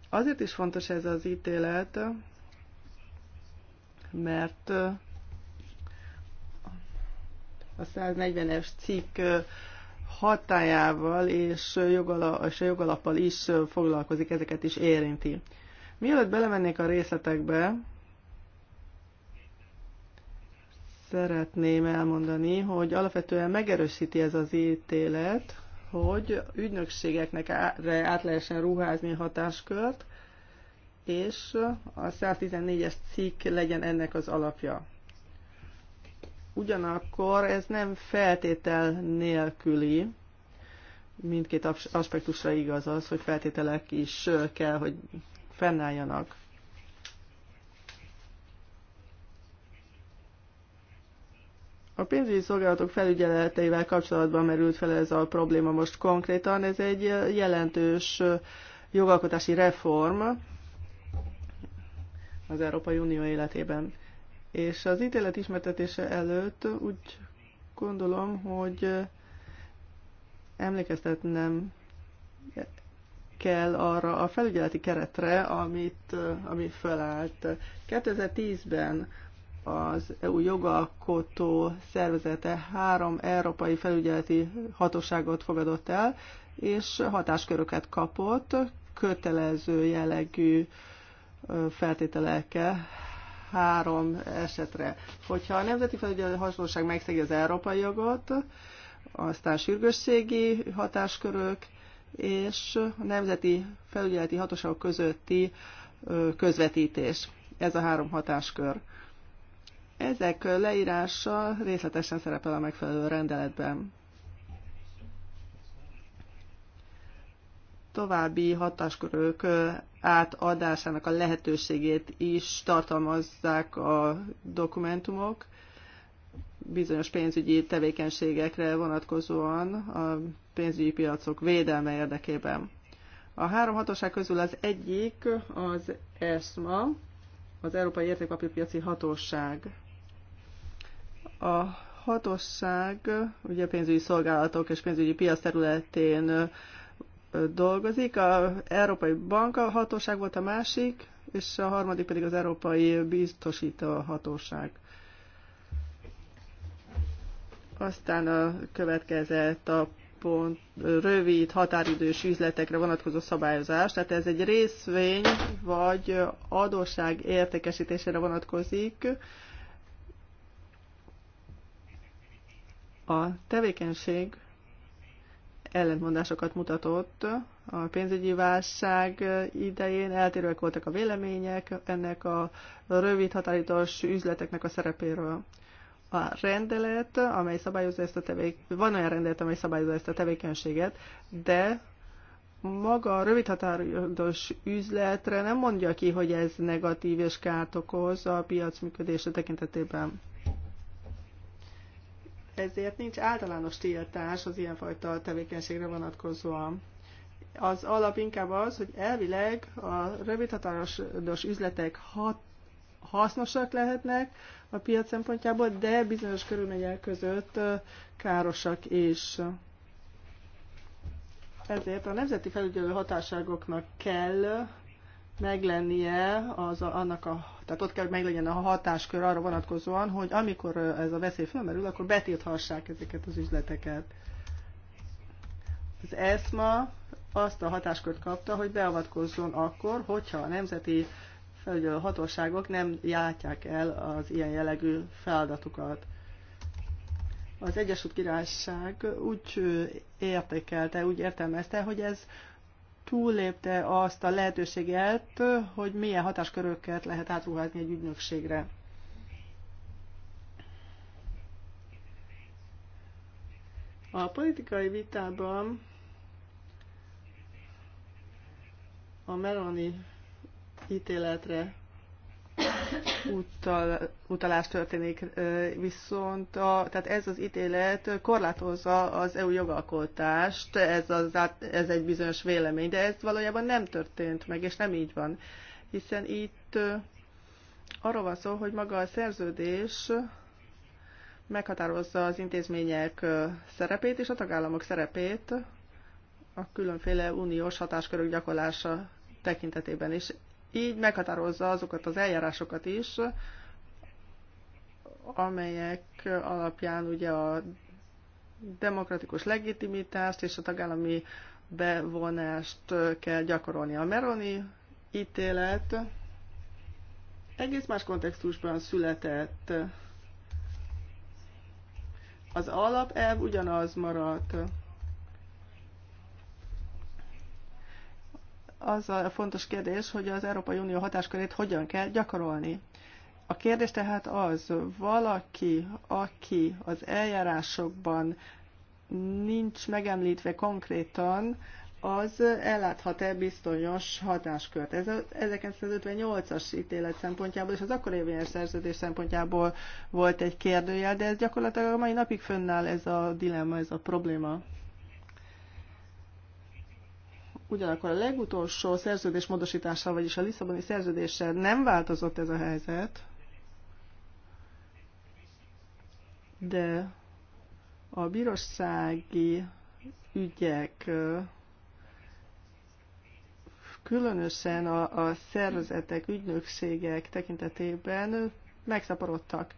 Azért is fontos ez az ítélet, mert a 140-es cikk hatájával és, jogala, és a jogalappal is foglalkozik, ezeket is érinti. Mielőtt belemennék a részletekbe, szeretném elmondani, hogy alapvetően megerősíti ez az ítélet, hogy ügynökségeknek át lehessen ruházni a hatáskört, és a 114-es cikk legyen ennek az alapja. Ugyanakkor ez nem feltétel nélküli, mindkét aspektusra igaz az, hogy feltételek is kell, hogy fennálljanak. A pénzügyi szolgálatok felügyeleteivel kapcsolatban merült fel ez a probléma most konkrétan. Ez egy jelentős jogalkotási reform az Európai Unió életében. És az ítélet ismertetése előtt úgy gondolom, hogy emlékeztetnem kell arra a felügyeleti keretre, amit, ami felállt. 2010-ben az EU jogalkotó szervezete három európai felügyeleti hatóságot fogadott el, és hatásköröket kapott, kötelező jellegű feltételekkel három esetre. Hogyha a Nemzeti Felügyelő Hatóság megszegi az európai jogot, aztán sürgősségi hatáskörök, és a Nemzeti Felügyeleti Hatóságok közötti közvetítés. Ez a három hatáskör. Ezek leírása részletesen szerepel a megfelelő rendeletben. további hatáskörök átadásának a lehetőségét is tartalmazzák a dokumentumok bizonyos pénzügyi tevékenységekre vonatkozóan a pénzügyi piacok védelme érdekében. A három hatóság közül az egyik az ESMA, az Európai Értékpapírpiaci Hatóság. A hatóság ugye pénzügyi szolgálatok és pénzügyi piac területén dolgozik. A Európai Banka hatóság volt a másik, és a harmadik pedig az Európai Biztosító Hatóság. Aztán a következett a pont rövid határidős üzletekre vonatkozó szabályozás, tehát ez egy részvény vagy adósság értékesítésére vonatkozik. A tevékenység ellentmondásokat mutatott a pénzügyi válság idején. Eltérőek voltak a vélemények ennek a rövid határidős üzleteknek a szerepéről. A rendelet, amely szabályozza ezt a tevékenységet, van olyan rendelet, amely szabályozza ezt a tevékenységet, de maga a rövid határidős üzletre nem mondja ki, hogy ez negatív és kárt okoz a piac működése tekintetében ezért nincs általános tiltás az ilyenfajta tevékenységre vonatkozóan. Az alap inkább az, hogy elvileg a rövidhatáros üzletek hat, hasznosak lehetnek a piac szempontjából, de bizonyos körülmények között károsak is. Ezért a nemzeti felügyelő hatáságoknak kell meglennie az a, annak a, tehát ott kell, meglennie meglegyen a hatáskör arra vonatkozóan, hogy amikor ez a veszély felmerül, akkor betilthassák ezeket az üzleteket. Az ESMA azt a hatáskört kapta, hogy beavatkozzon akkor, hogyha a nemzeti felügyelő hatóságok nem játják el az ilyen jellegű feladatukat. Az Egyesült Királyság úgy értékelte, úgy értelmezte, hogy ez túllépte azt a lehetőséget, hogy milyen hatásköröket lehet átruházni egy ügynökségre. A politikai vitában a Meloni ítéletre utal, utalás történik, viszont a, tehát ez az ítélet korlátozza az EU jogalkotást, ez, az, ez egy bizonyos vélemény, de ez valójában nem történt meg, és nem így van. Hiszen itt arról van szó, hogy maga a szerződés meghatározza az intézmények szerepét és a tagállamok szerepét a különféle uniós hatáskörök gyakorlása tekintetében. És így meghatározza azokat az eljárásokat is, amelyek alapján ugye a demokratikus legitimitást és a tagállami bevonást kell gyakorolni. A Meroni ítélet egész más kontextusban született. Az alapelv ugyanaz maradt. az a fontos kérdés, hogy az Európai Unió hatáskörét hogyan kell gyakorolni. A kérdés tehát az, valaki, aki az eljárásokban nincs megemlítve konkrétan, az elláthat-e biztonyos hatáskört. Ez a 1958-as ítélet szempontjából és az akkor érvényes szerződés szempontjából volt egy kérdőjel, de ez gyakorlatilag a mai napig fönnáll ez a dilemma, ez a probléma. Ugyanakkor a legutolsó szerződés módosítással, vagyis a Lisszaboni szerződéssel nem változott ez a helyzet, de a bírósági ügyek különösen a, a szervezetek, ügynökségek tekintetében megszaporodtak.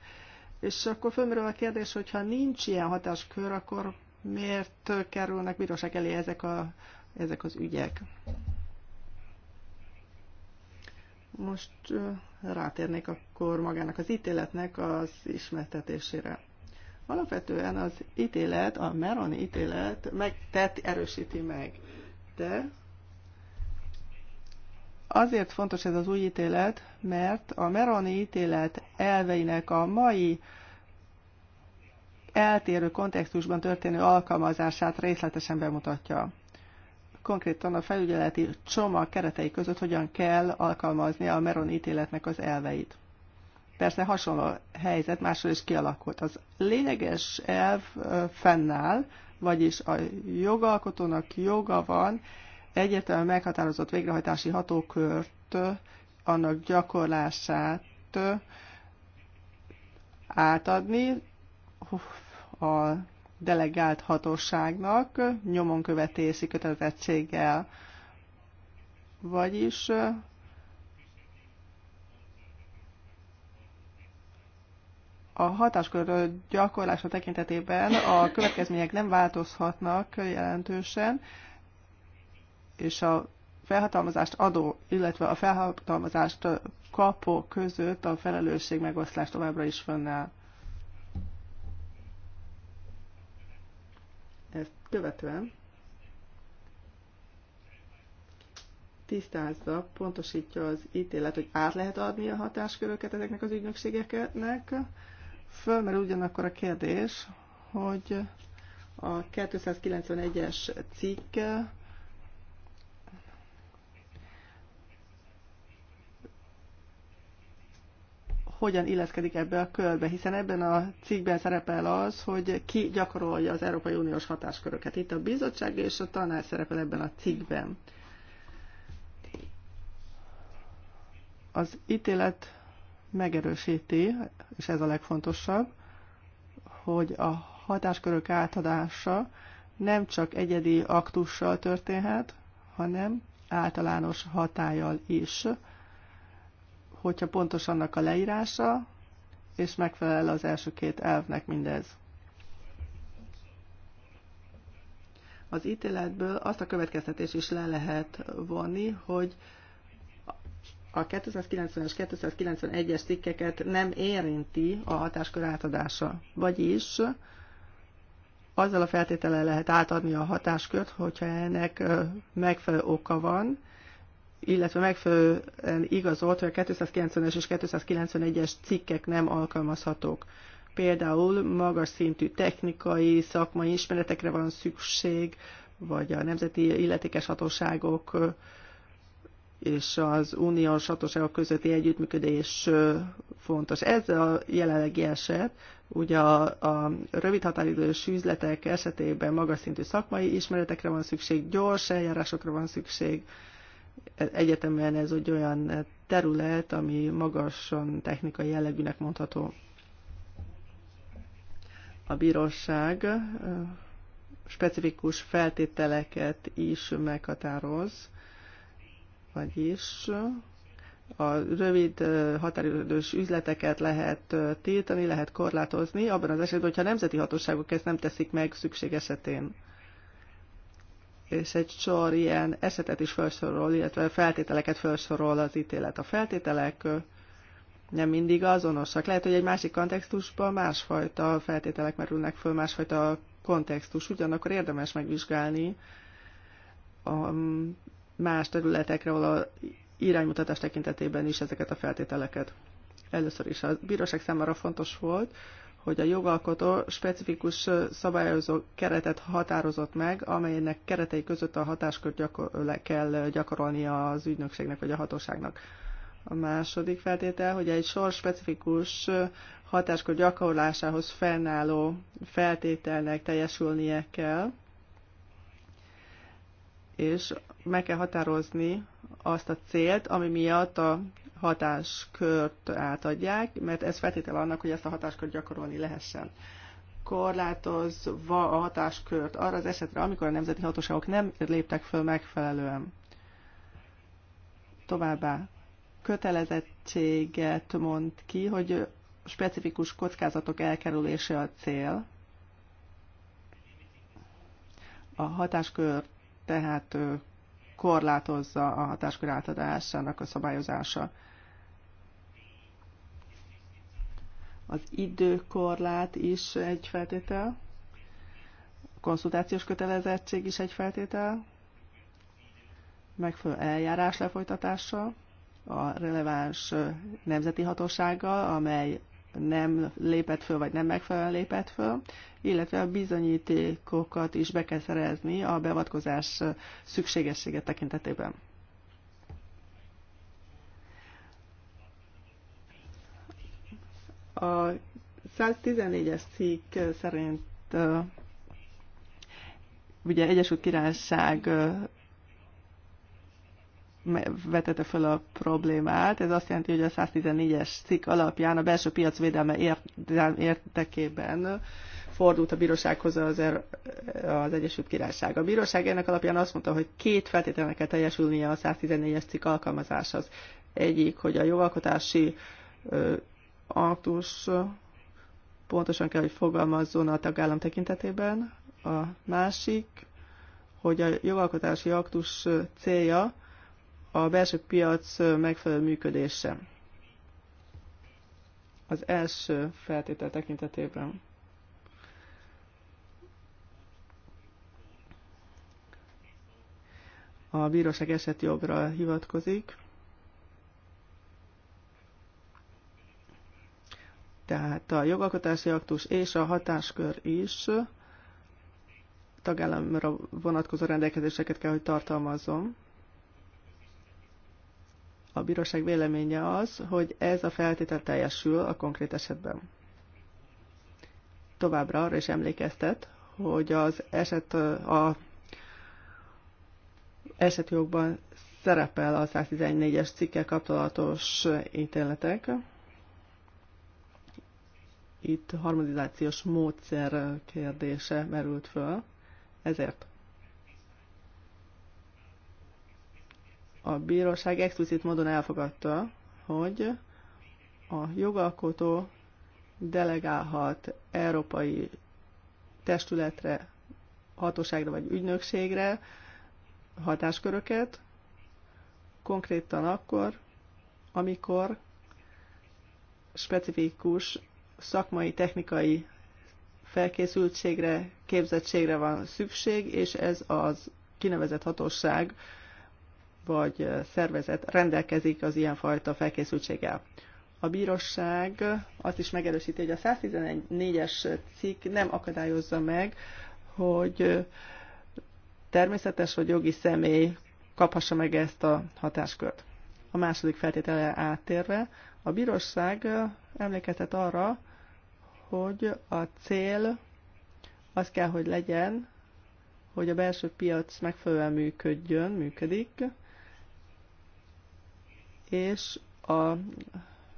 És akkor fölmerül a kérdés, hogyha nincs ilyen hatáskör, akkor miért kerülnek bíróság elé ezek a ezek az ügyek. Most rátérnék akkor magának az ítéletnek az ismertetésére. Alapvetően az ítélet, a Meroni ítélet megtett erősíti meg, de azért fontos ez az új ítélet, mert a Meroni ítélet elveinek a mai eltérő kontextusban történő alkalmazását részletesen bemutatja konkrétan a felügyeleti csomag keretei között hogyan kell alkalmazni a Meron ítéletnek az elveit. Persze hasonló helyzet máshol is kialakult. Az lényeges elv fennáll, vagyis a jogalkotónak joga van egyértelműen meghatározott végrehajtási hatókört, annak gyakorlását átadni a delegált hatóságnak nyomon követési kötelezettséggel. Vagyis a hatáskör gyakorlása tekintetében a következmények nem változhatnak jelentősen, és a felhatalmazást adó, illetve a felhatalmazást kapó között a felelősség megoszlás továbbra is fönnáll. Ezt követően tisztázza, pontosítja az ítélet, hogy át lehet adni a hatásköröket ezeknek az ügynökségeknek. Fölmerül ugyanakkor a kérdés, hogy a 291-es cikk hogyan illeszkedik ebbe a körbe, hiszen ebben a cikkben szerepel az, hogy ki gyakorolja az Európai Uniós hatásköröket. Itt a bizottság és a tanács szerepel ebben a cikkben. Az ítélet megerősíti, és ez a legfontosabb, hogy a hatáskörök átadása nem csak egyedi aktussal történhet, hanem általános hatállyal is hogyha pontos annak a leírása, és megfelel az első két elvnek mindez. Az ítéletből azt a következtetés is le lehet vonni, hogy a 290-es, 291-es cikkeket nem érinti a hatáskör átadása. Vagyis azzal a feltétele lehet átadni a hatáskört, hogyha ennek megfelelő oka van, illetve megfelelően igazolt, hogy a 290-es és 291-es cikkek nem alkalmazhatók. Például magas szintű technikai, szakmai ismeretekre van szükség, vagy a nemzeti illetékes hatóságok és az uniós hatóságok közötti együttműködés fontos. Ez a jelenlegi eset, ugye a, a rövid határidős üzletek esetében magas szintű szakmai ismeretekre van szükség, gyors eljárásokra van szükség, egyetemen ez egy olyan terület, ami magasan technikai jellegűnek mondható. A bíróság specifikus feltételeket is meghatároz, vagyis a rövid határidős üzleteket lehet tiltani, lehet korlátozni, abban az esetben, hogyha nemzeti hatóságok ezt nem teszik meg szükség esetén és egy sor ilyen esetet is felsorol, illetve feltételeket felsorol az ítélet. A feltételek nem mindig azonosak. Lehet, hogy egy másik kontextusban másfajta feltételek merülnek föl, másfajta kontextus. Ugyanakkor érdemes megvizsgálni a más területekre, ahol a iránymutatás tekintetében is ezeket a feltételeket. Először is a bíróság számára fontos volt, hogy a jogalkotó specifikus szabályozó keretet határozott meg, amelynek keretei között a hatáskört gyakor- le kell gyakorolnia az ügynökségnek vagy a hatóságnak. A második feltétel, hogy egy sor specifikus hatáskör gyakorlásához fennálló feltételnek teljesülnie kell, és meg kell határozni azt a célt, ami miatt a hatáskört átadják, mert ez feltétel annak, hogy ezt a hatáskört gyakorolni lehessen. Korlátozva a hatáskört arra az esetre, amikor a nemzeti hatóságok nem léptek föl megfelelően. Továbbá kötelezettséget mond ki, hogy specifikus kockázatok elkerülése a cél. A hatáskör tehát korlátozza a hatáskör átadásának a szabályozása. Az időkorlát is egy feltétel, a konszultációs kötelezettség is egy feltétel, megfelelő eljárás lefolytatása a releváns nemzeti hatósággal, amely nem lépett föl, vagy nem megfelelően lépett föl, illetve a bizonyítékokat is be kell szerezni a beavatkozás szükségessége tekintetében. A 114-es cikk szerint ugye Egyesült Királyság vetette fel a problémát. Ez azt jelenti, hogy a 114-es cikk alapján a belső piac védelme értekében fordult a bírósághoz az, er, az Egyesült Királyság. A bíróság ennek alapján azt mondta, hogy két feltételnek kell teljesülnie a 114-es cikk alkalmazáshoz. Egyik, hogy a jogalkotási aktus pontosan kell, hogy fogalmazzon a tagállam tekintetében. A másik, hogy a jogalkotási aktus célja a belső piac megfelelő működése. Az első feltétel tekintetében. A bíróság esetjogra hivatkozik Tehát a jogalkotási aktus és a hatáskör is tagállamra vonatkozó rendelkezéseket kell, hogy tartalmazzon. A bíróság véleménye az, hogy ez a feltétel teljesül a konkrét esetben. Továbbra arra is emlékeztet, hogy az eset a esetjogban szerepel a 114-es cikkel kapcsolatos ítéletek, itt harmonizációs módszer kérdése merült föl, ezért a bíróság explicit módon elfogadta, hogy a jogalkotó delegálhat európai testületre, hatóságra vagy ügynökségre hatásköröket, konkrétan akkor, amikor specifikus szakmai, technikai felkészültségre, képzettségre van szükség, és ez az kinevezett hatóság vagy szervezet rendelkezik az ilyenfajta felkészültséggel. A bíróság azt is megerősíti, hogy a 114-es cikk nem akadályozza meg, hogy természetes vagy jogi személy kaphassa meg ezt a hatáskört. A második feltétele áttérve, a bíróság emlékeztet arra, hogy a cél az kell, hogy legyen, hogy a belső piac megfelelően működjön, működik, és a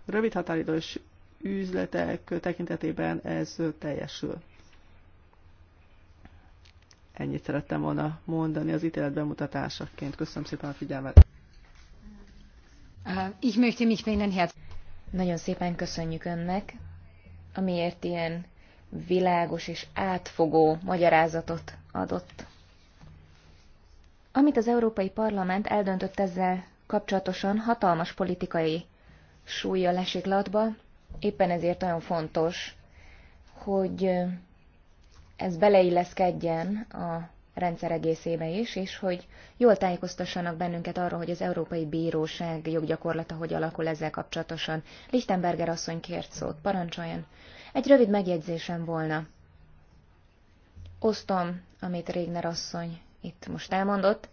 rövid határidős üzletek tekintetében ez teljesül. Ennyit szerettem volna mondani az ítélet bemutatásaként. Köszönöm szépen a figyelmet. Äh, ich möchte mich bei Ihnen herzlich nagyon szépen köszönjük önnek, amiért ilyen világos és átfogó magyarázatot adott. Amit az Európai Parlament eldöntött ezzel kapcsolatosan, hatalmas politikai súlya lesik latba, éppen ezért olyan fontos, hogy ez beleilleszkedjen a rendszer egészébe is, és hogy jól tájékoztassanak bennünket arról, hogy az Európai Bíróság joggyakorlata hogy alakul ezzel kapcsolatosan. Lichtenberger asszony kért szót, parancsoljon. Egy rövid megjegyzésem volna. Osztom, amit Régner asszony itt most elmondott.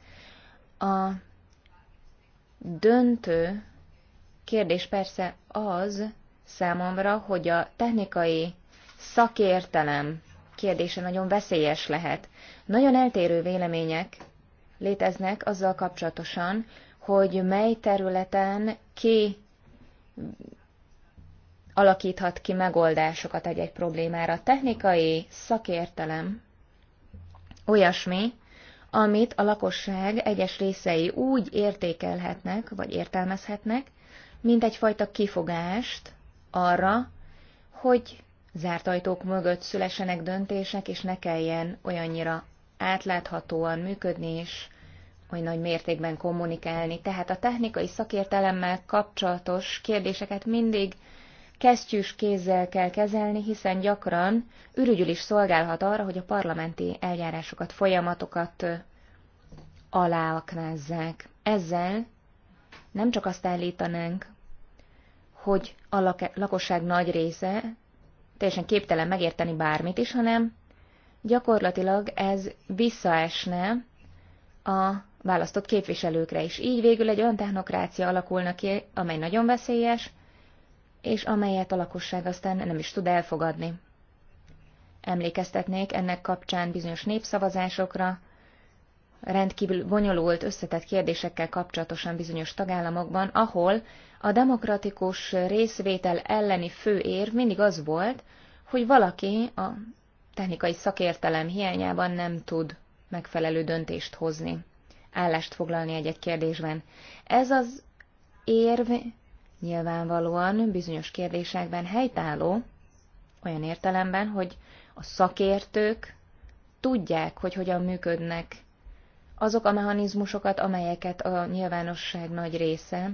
A döntő kérdés persze az számomra, hogy a technikai szakértelem kérdése nagyon veszélyes lehet. Nagyon eltérő vélemények léteznek azzal kapcsolatosan, hogy mely területen ki alakíthat ki megoldásokat egy-egy problémára. Technikai szakértelem olyasmi, amit a lakosság egyes részei úgy értékelhetnek, vagy értelmezhetnek, mint egyfajta kifogást arra, hogy zárt ajtók mögött szülessenek döntések, és ne kelljen olyannyira átláthatóan működni és oly nagy mértékben kommunikálni. Tehát a technikai szakértelemmel kapcsolatos kérdéseket mindig kesztyűs kézzel kell kezelni, hiszen gyakran ürügyül is szolgálhat arra, hogy a parlamenti eljárásokat, folyamatokat aláaknázzák. Ezzel nem csak azt állítanánk, hogy a lakosság nagy része teljesen képtelen megérteni bármit is, hanem gyakorlatilag ez visszaesne a választott képviselőkre is. Így végül egy olyan technokrácia alakulna ki, amely nagyon veszélyes, és amelyet a lakosság aztán nem is tud elfogadni. Emlékeztetnék ennek kapcsán bizonyos népszavazásokra, rendkívül bonyolult, összetett kérdésekkel kapcsolatosan bizonyos tagállamokban, ahol a demokratikus részvétel elleni fő érv mindig az volt, hogy valaki a technikai szakértelem hiányában nem tud megfelelő döntést hozni, állást foglalni egy-egy kérdésben. Ez az érv nyilvánvalóan bizonyos kérdésekben helytálló, olyan értelemben, hogy a szakértők tudják, hogy hogyan működnek azok a mechanizmusokat, amelyeket a nyilvánosság nagy része,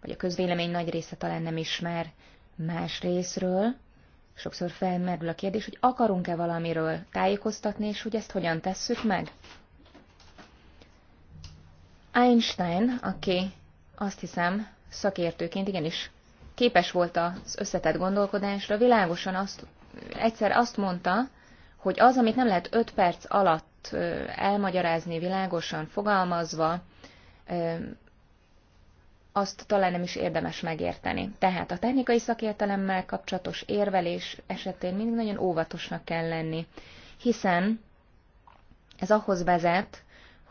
vagy a közvélemény nagy része talán nem ismer más részről, sokszor felmerül a kérdés, hogy akarunk-e valamiről tájékoztatni, és hogy ezt hogyan tesszük meg. Einstein, aki azt hiszem szakértőként igenis képes volt az összetett gondolkodásra, világosan azt, egyszer azt mondta, hogy az, amit nem lehet 5 perc alatt tudott elmagyarázni világosan, fogalmazva, azt talán nem is érdemes megérteni. Tehát a technikai szakértelemmel kapcsolatos érvelés esetén mindig nagyon óvatosnak kell lenni, hiszen ez ahhoz vezet,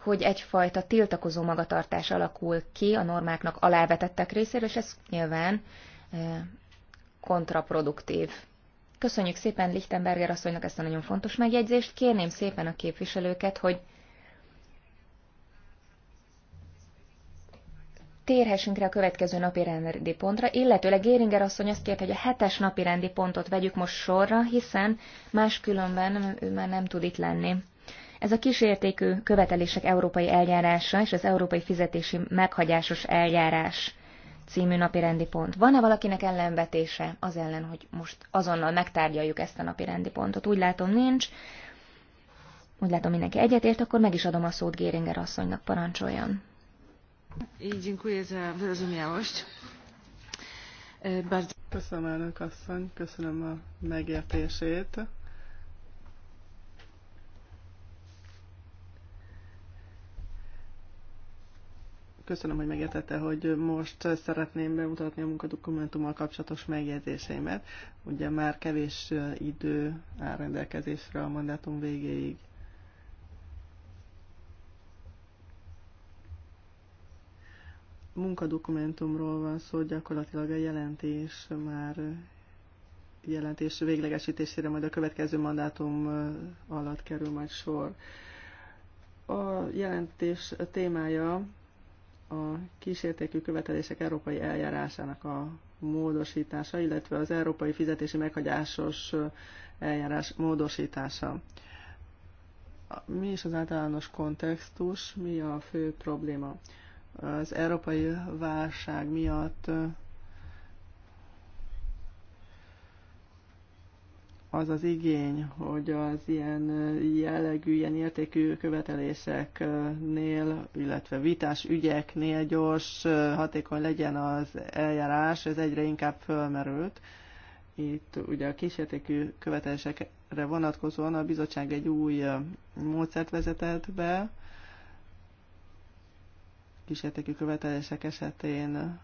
hogy egyfajta tiltakozó magatartás alakul ki a normáknak alávetettek részéről, és ez nyilván kontraproduktív. Köszönjük szépen Lichtenberger asszonynak ezt a nagyon fontos megjegyzést. Kérném szépen a képviselőket, hogy térhessünk rá a következő napi rendi pontra, illetőleg Géringer asszony azt kérte, hogy a hetes napi rendi pontot vegyük most sorra, hiszen máskülönben ő már nem tud itt lenni. Ez a kísértékű követelések európai eljárása és az európai fizetési meghagyásos eljárás című napirendi pont. Van-e valakinek ellenvetése az ellen, hogy most azonnal megtárgyaljuk ezt a napirendi pontot? Úgy látom, nincs. Úgy látom, mindenki egyetért, akkor meg is adom a szót Géringer asszonynak, parancsoljon. Így, dziękuję za wyrozumiałość. E, köszönöm, elnök asszony, köszönöm a megértését. Köszönöm, hogy megértette, hogy most szeretném bemutatni a munkadokumentummal kapcsolatos megjegyzéseimet. Ugye már kevés idő áll rendelkezésre a mandátum végéig. Munkadokumentumról van szó, gyakorlatilag a jelentés már jelentés véglegesítésére majd a következő mandátum alatt kerül majd sor. A jelentés témája a kísértékű követelések európai eljárásának a módosítása, illetve az európai fizetési meghagyásos eljárás módosítása. Mi is az általános kontextus, mi a fő probléma? Az európai válság miatt az az igény, hogy az ilyen jellegű, ilyen értékű követeléseknél, illetve vitás ügyeknél gyors, hatékony legyen az eljárás, ez egyre inkább fölmerült. Itt ugye a kísértékű követelésekre vonatkozóan a bizottság egy új módszert vezetett be, kísértékű követelések esetén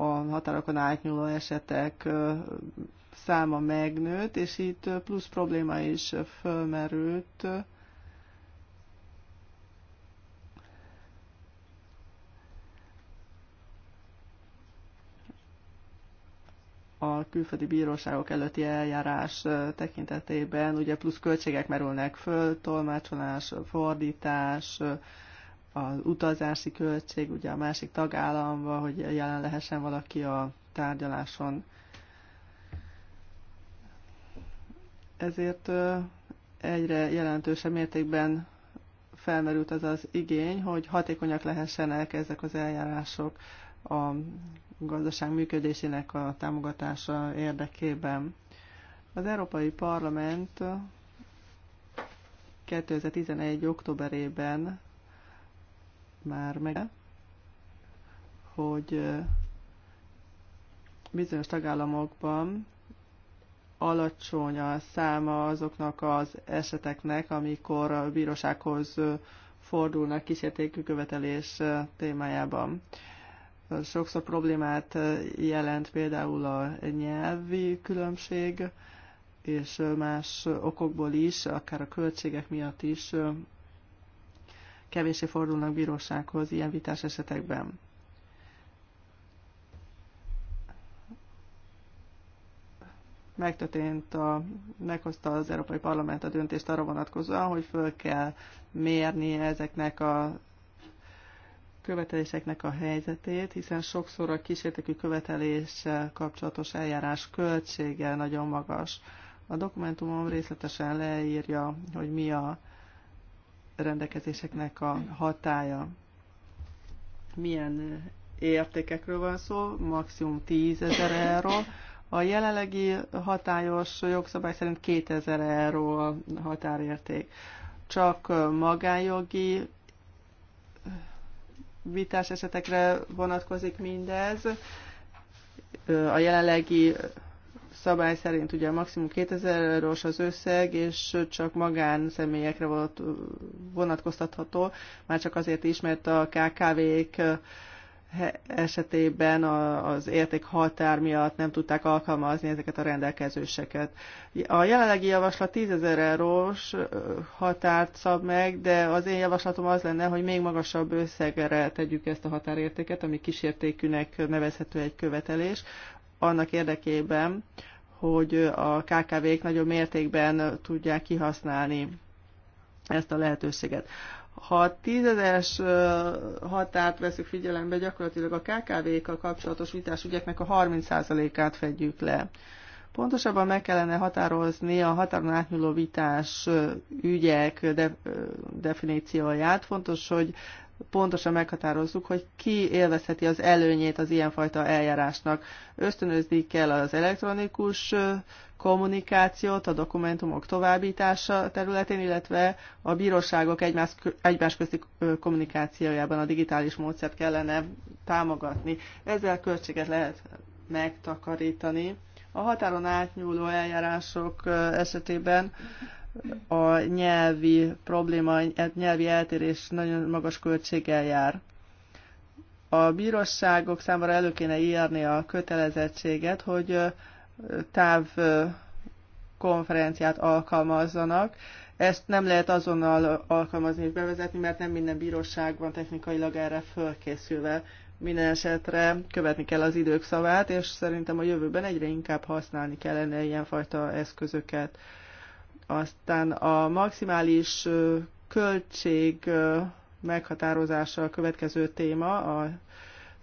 a határokon átnyúló esetek száma megnőtt, és itt plusz probléma is fölmerült. a külföldi bíróságok előtti eljárás tekintetében ugye plusz költségek merülnek föl, tolmácsolás, fordítás, az utazási költség ugye a másik tagállamba, hogy jelen lehessen valaki a tárgyaláson. Ezért egyre jelentősebb mértékben felmerült az az igény, hogy hatékonyak lehessenek ezek az eljárások a gazdaság működésének a támogatása érdekében. Az Európai Parlament 2011. októberében már meg, hogy bizonyos tagállamokban alacsony a száma azoknak az eseteknek, amikor a bírósághoz fordulnak kísértékű követelés témájában. Sokszor problémát jelent például a nyelvi különbség, és más okokból is, akár a költségek miatt is kevésé fordulnak bírósághoz ilyen vitás esetekben. megtörtént, a, meghozta az Európai Parlament a döntést arra vonatkozóan, hogy föl kell mérni ezeknek a követeléseknek a helyzetét, hiszen sokszor a kísértékű követeléssel kapcsolatos eljárás költsége nagyon magas. A dokumentumom részletesen leírja, hogy mi a rendelkezéseknek a hatája. Milyen értékekről van szó, maximum 10 ezer euró. A jelenlegi hatályos jogszabály szerint 2000 euró a határérték. Csak magánjogi vitás esetekre vonatkozik mindez. A jelenlegi szabály szerint ugye maximum 2000 eurós az összeg, és csak magán személyekre volt vonatkoztatható, már csak azért is, mert a KKV-k eh, esetében az érték határ miatt nem tudták alkalmazni ezeket a rendelkezéseket. A jelenlegi javaslat 10 ezer eurós eh, határt szab meg, de az én javaslatom az lenne, hogy még magasabb összegre tegyük ezt a határértéket, ami kísértékűnek nevezhető egy követelés, annak érdekében, hogy a KKV-k nagyobb mértékben tudják kihasználni ezt a lehetőséget. Ha a tízezes határt veszük figyelembe, gyakorlatilag a KKV-kkal kapcsolatos vitás ügyeknek a 30%-át fedjük le. Pontosabban meg kellene határozni a határon átnyúló vitás ügyek de, definícióját. Fontos, hogy pontosan meghatározzuk, hogy ki élvezheti az előnyét az ilyenfajta eljárásnak. Ösztönözni kell az elektronikus kommunikációt, a dokumentumok továbbítása területén, illetve a bíróságok egymás, egymás közti kommunikációjában a digitális módszert kellene támogatni. Ezzel költséget lehet megtakarítani. A határon átnyúló eljárások esetében a nyelvi probléma, a hát nyelvi eltérés nagyon magas költséggel jár. A bíróságok számára elő kéne írni a kötelezettséget, hogy távkonferenciát alkalmazzanak. Ezt nem lehet azonnal alkalmazni és bevezetni, mert nem minden bíróság van technikailag erre fölkészülve. Minden esetre követni kell az idők szavát, és szerintem a jövőben egyre inkább használni kellene ilyenfajta eszközöket aztán a maximális költség meghatározása a következő téma, a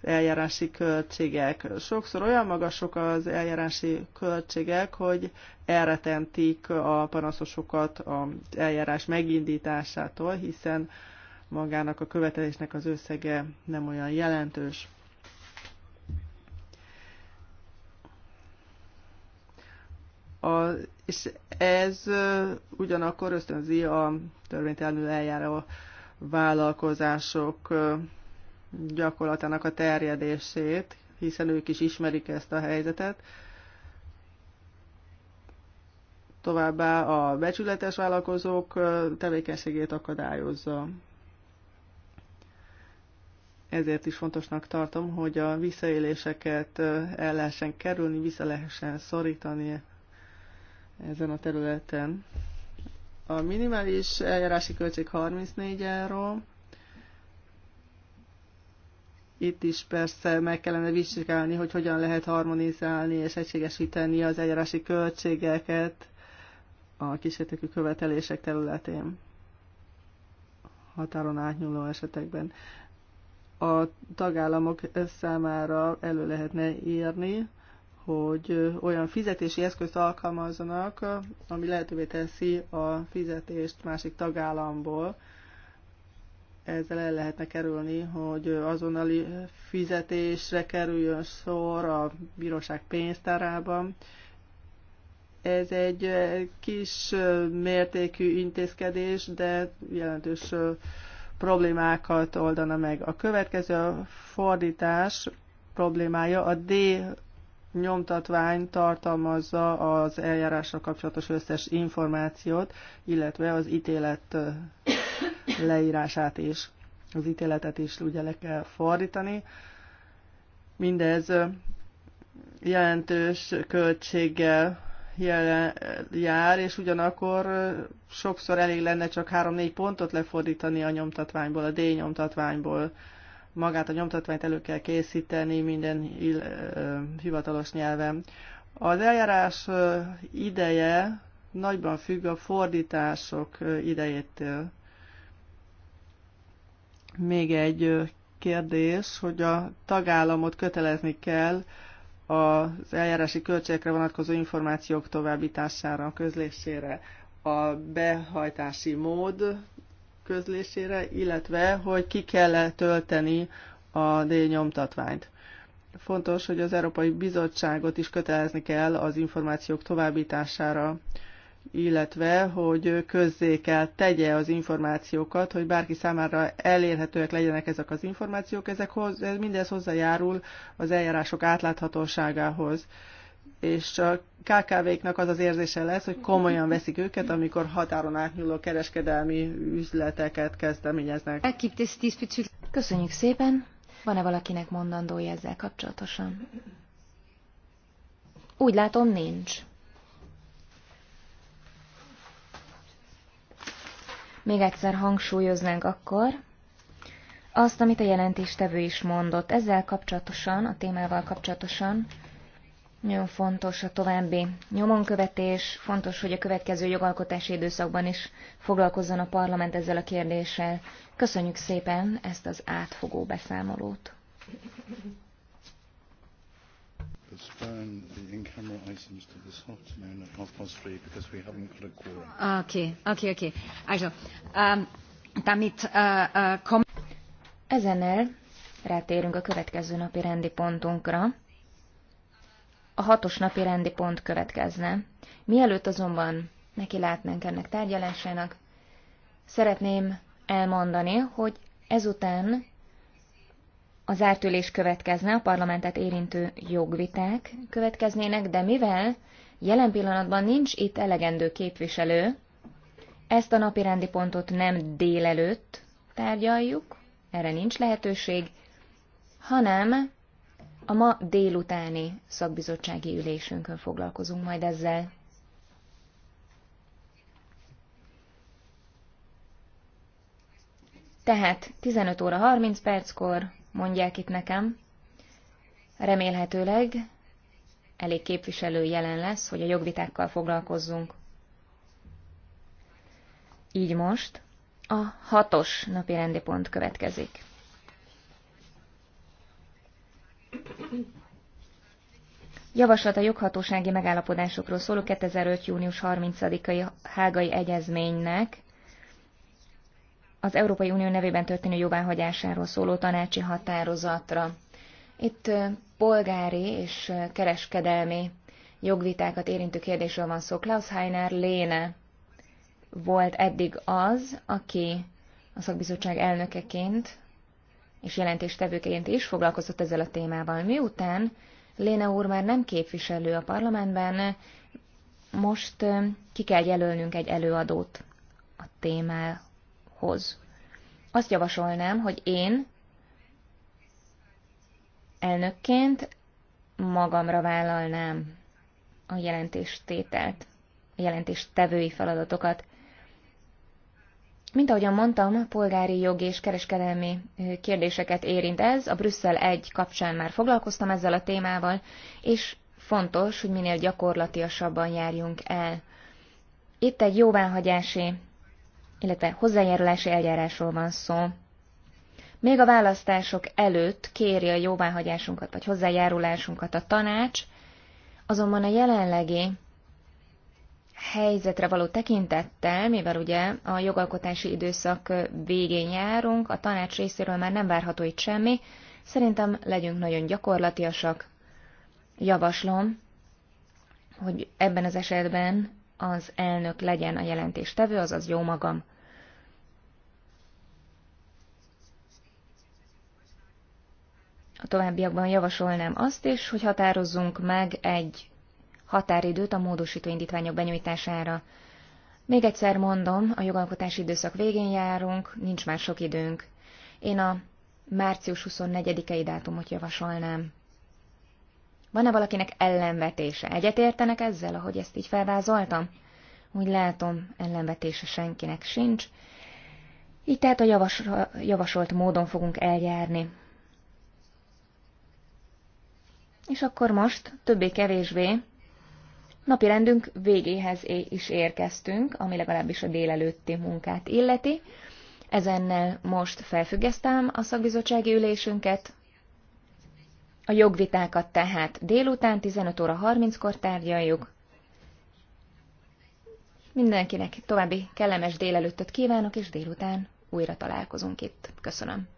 eljárási költségek. Sokszor olyan magasok az eljárási költségek, hogy elretentik a panaszosokat az eljárás megindításától, hiszen magának a követelésnek az összege nem olyan jelentős. A, és ez ugyanakkor ösztönzi a törvénytelenül eljáró vállalkozások gyakorlatának a terjedését, hiszen ők is ismerik ezt a helyzetet. Továbbá a becsületes vállalkozók tevékenységét akadályozza. Ezért is fontosnak tartom, hogy a visszaéléseket el lehessen kerülni, vissza lehessen szorítani ezen a területen. A minimális eljárási költség 34 euró. Itt is persze meg kellene vizsgálni, hogy hogyan lehet harmonizálni és egységesíteni az eljárási költségeket a kísértékű követelések területén határon átnyúló esetekben. A tagállamok számára elő lehetne írni, hogy olyan fizetési eszközt alkalmazzanak, ami lehetővé teszi a fizetést másik tagállamból. Ezzel el lehetne kerülni, hogy azonnali fizetésre kerüljön sor a bíróság pénztárában. Ez egy kis mértékű intézkedés, de jelentős problémákat oldana meg. A következő a fordítás problémája a D nyomtatvány tartalmazza az eljárásra kapcsolatos összes információt, illetve az ítélet leírását is. Az ítéletet is ugye le kell fordítani. Mindez jelentős költséggel jár, és ugyanakkor sokszor elég lenne csak 3-4 pontot lefordítani a nyomtatványból, a D nyomtatványból magát a nyomtatványt elő kell készíteni minden hivatalos nyelven. Az eljárás ideje nagyban függ a fordítások idejétől. Még egy kérdés, hogy a tagállamot kötelezni kell az eljárási költségekre vonatkozó információk továbbítására, közlésére. A behajtási mód közlésére, illetve hogy ki kell -e tölteni a D-nyomtatványt. Fontos, hogy az Európai Bizottságot is kötelezni kell az információk továbbítására, illetve hogy közzé kell tegye az információkat, hogy bárki számára elérhetőek legyenek ezek az információk, ezek hoz, ez mindez hozzájárul az eljárások átláthatóságához és a KKV-knak az az érzése lesz, hogy komolyan veszik őket, amikor határon átnyúló kereskedelmi üzleteket kezdeményeznek. Köszönjük szépen! Van-e valakinek mondandója ezzel kapcsolatosan? Úgy látom, nincs. Még egyszer hangsúlyoznánk akkor azt, amit a jelentéstevő is mondott. Ezzel kapcsolatosan, a témával kapcsolatosan nagyon fontos a további nyomonkövetés, fontos, hogy a következő jogalkotási időszakban is foglalkozzon a parlament ezzel a kérdéssel. Köszönjük szépen ezt az átfogó beszámolót. Okay, okay, um, uh, uh, Ezennel rátérünk a következő napi rendi pontunkra a hatos napi rendi pont következne. Mielőtt azonban neki látnánk ennek tárgyalásának, szeretném elmondani, hogy ezután a ártülés következne, a parlamentet érintő jogviták következnének, de mivel jelen pillanatban nincs itt elegendő képviselő, ezt a napi rendi pontot nem délelőtt tárgyaljuk, erre nincs lehetőség, hanem a ma délutáni szakbizottsági ülésünkön foglalkozunk majd ezzel. Tehát 15 óra 30 perckor, mondják itt nekem, remélhetőleg elég képviselő jelen lesz, hogy a jogvitákkal foglalkozzunk. Így most a hatos napi rendi pont következik. Javaslat a joghatósági megállapodásokról szóló 2005. június 30-ai hágai egyezménynek az Európai Unió nevében történő jóváhagyásáról szóló tanácsi határozatra. Itt polgári és kereskedelmi jogvitákat érintő kérdésről van szó. Klaus Heiner Léne volt eddig az, aki a szakbizottság elnökeként és jelentéstevőként is foglalkozott ezzel a témával. Miután Léna úr már nem képviselő a parlamentben, most ki kell jelölnünk egy előadót a témához. Azt javasolnám, hogy én elnökként magamra vállalnám a jelentéstételt, a jelentéstevői feladatokat. Mint ahogyan mondtam, polgári jogi és kereskedelmi kérdéseket érint ez. A Brüsszel egy kapcsán már foglalkoztam ezzel a témával, és fontos, hogy minél gyakorlatiasabban járjunk el. Itt egy jóváhagyási, illetve hozzájárulási eljárásról van szó. Még a választások előtt kéri a jóváhagyásunkat vagy hozzájárulásunkat a tanács, azonban a jelenlegi helyzetre való tekintettel, mivel ugye a jogalkotási időszak végén járunk, a tanács részéről már nem várható itt semmi, szerintem legyünk nagyon gyakorlatiasak. Javaslom, hogy ebben az esetben az elnök legyen a jelentéstevő, azaz jó magam. A továbbiakban javasolnám azt is, hogy határozzunk meg egy határidőt a módosító indítványok benyújtására. Még egyszer mondom, a jogalkotási időszak végén járunk, nincs már sok időnk. Én a március 24-i dátumot javasolnám. Van-e valakinek ellenvetése? Egyetértenek ezzel, ahogy ezt így felvázoltam? Úgy látom, ellenvetése senkinek sincs. Így tehát a javas, javasolt módon fogunk eljárni. És akkor most, többé-kevésbé, Napi rendünk végéhez is érkeztünk, ami legalábbis a délelőtti munkát illeti. Ezennel most felfüggesztem a szakbizottsági ülésünket. A jogvitákat tehát délután 15 óra 30-kor tárgyaljuk. Mindenkinek további kellemes délelőttöt kívánok, és délután újra találkozunk itt. Köszönöm.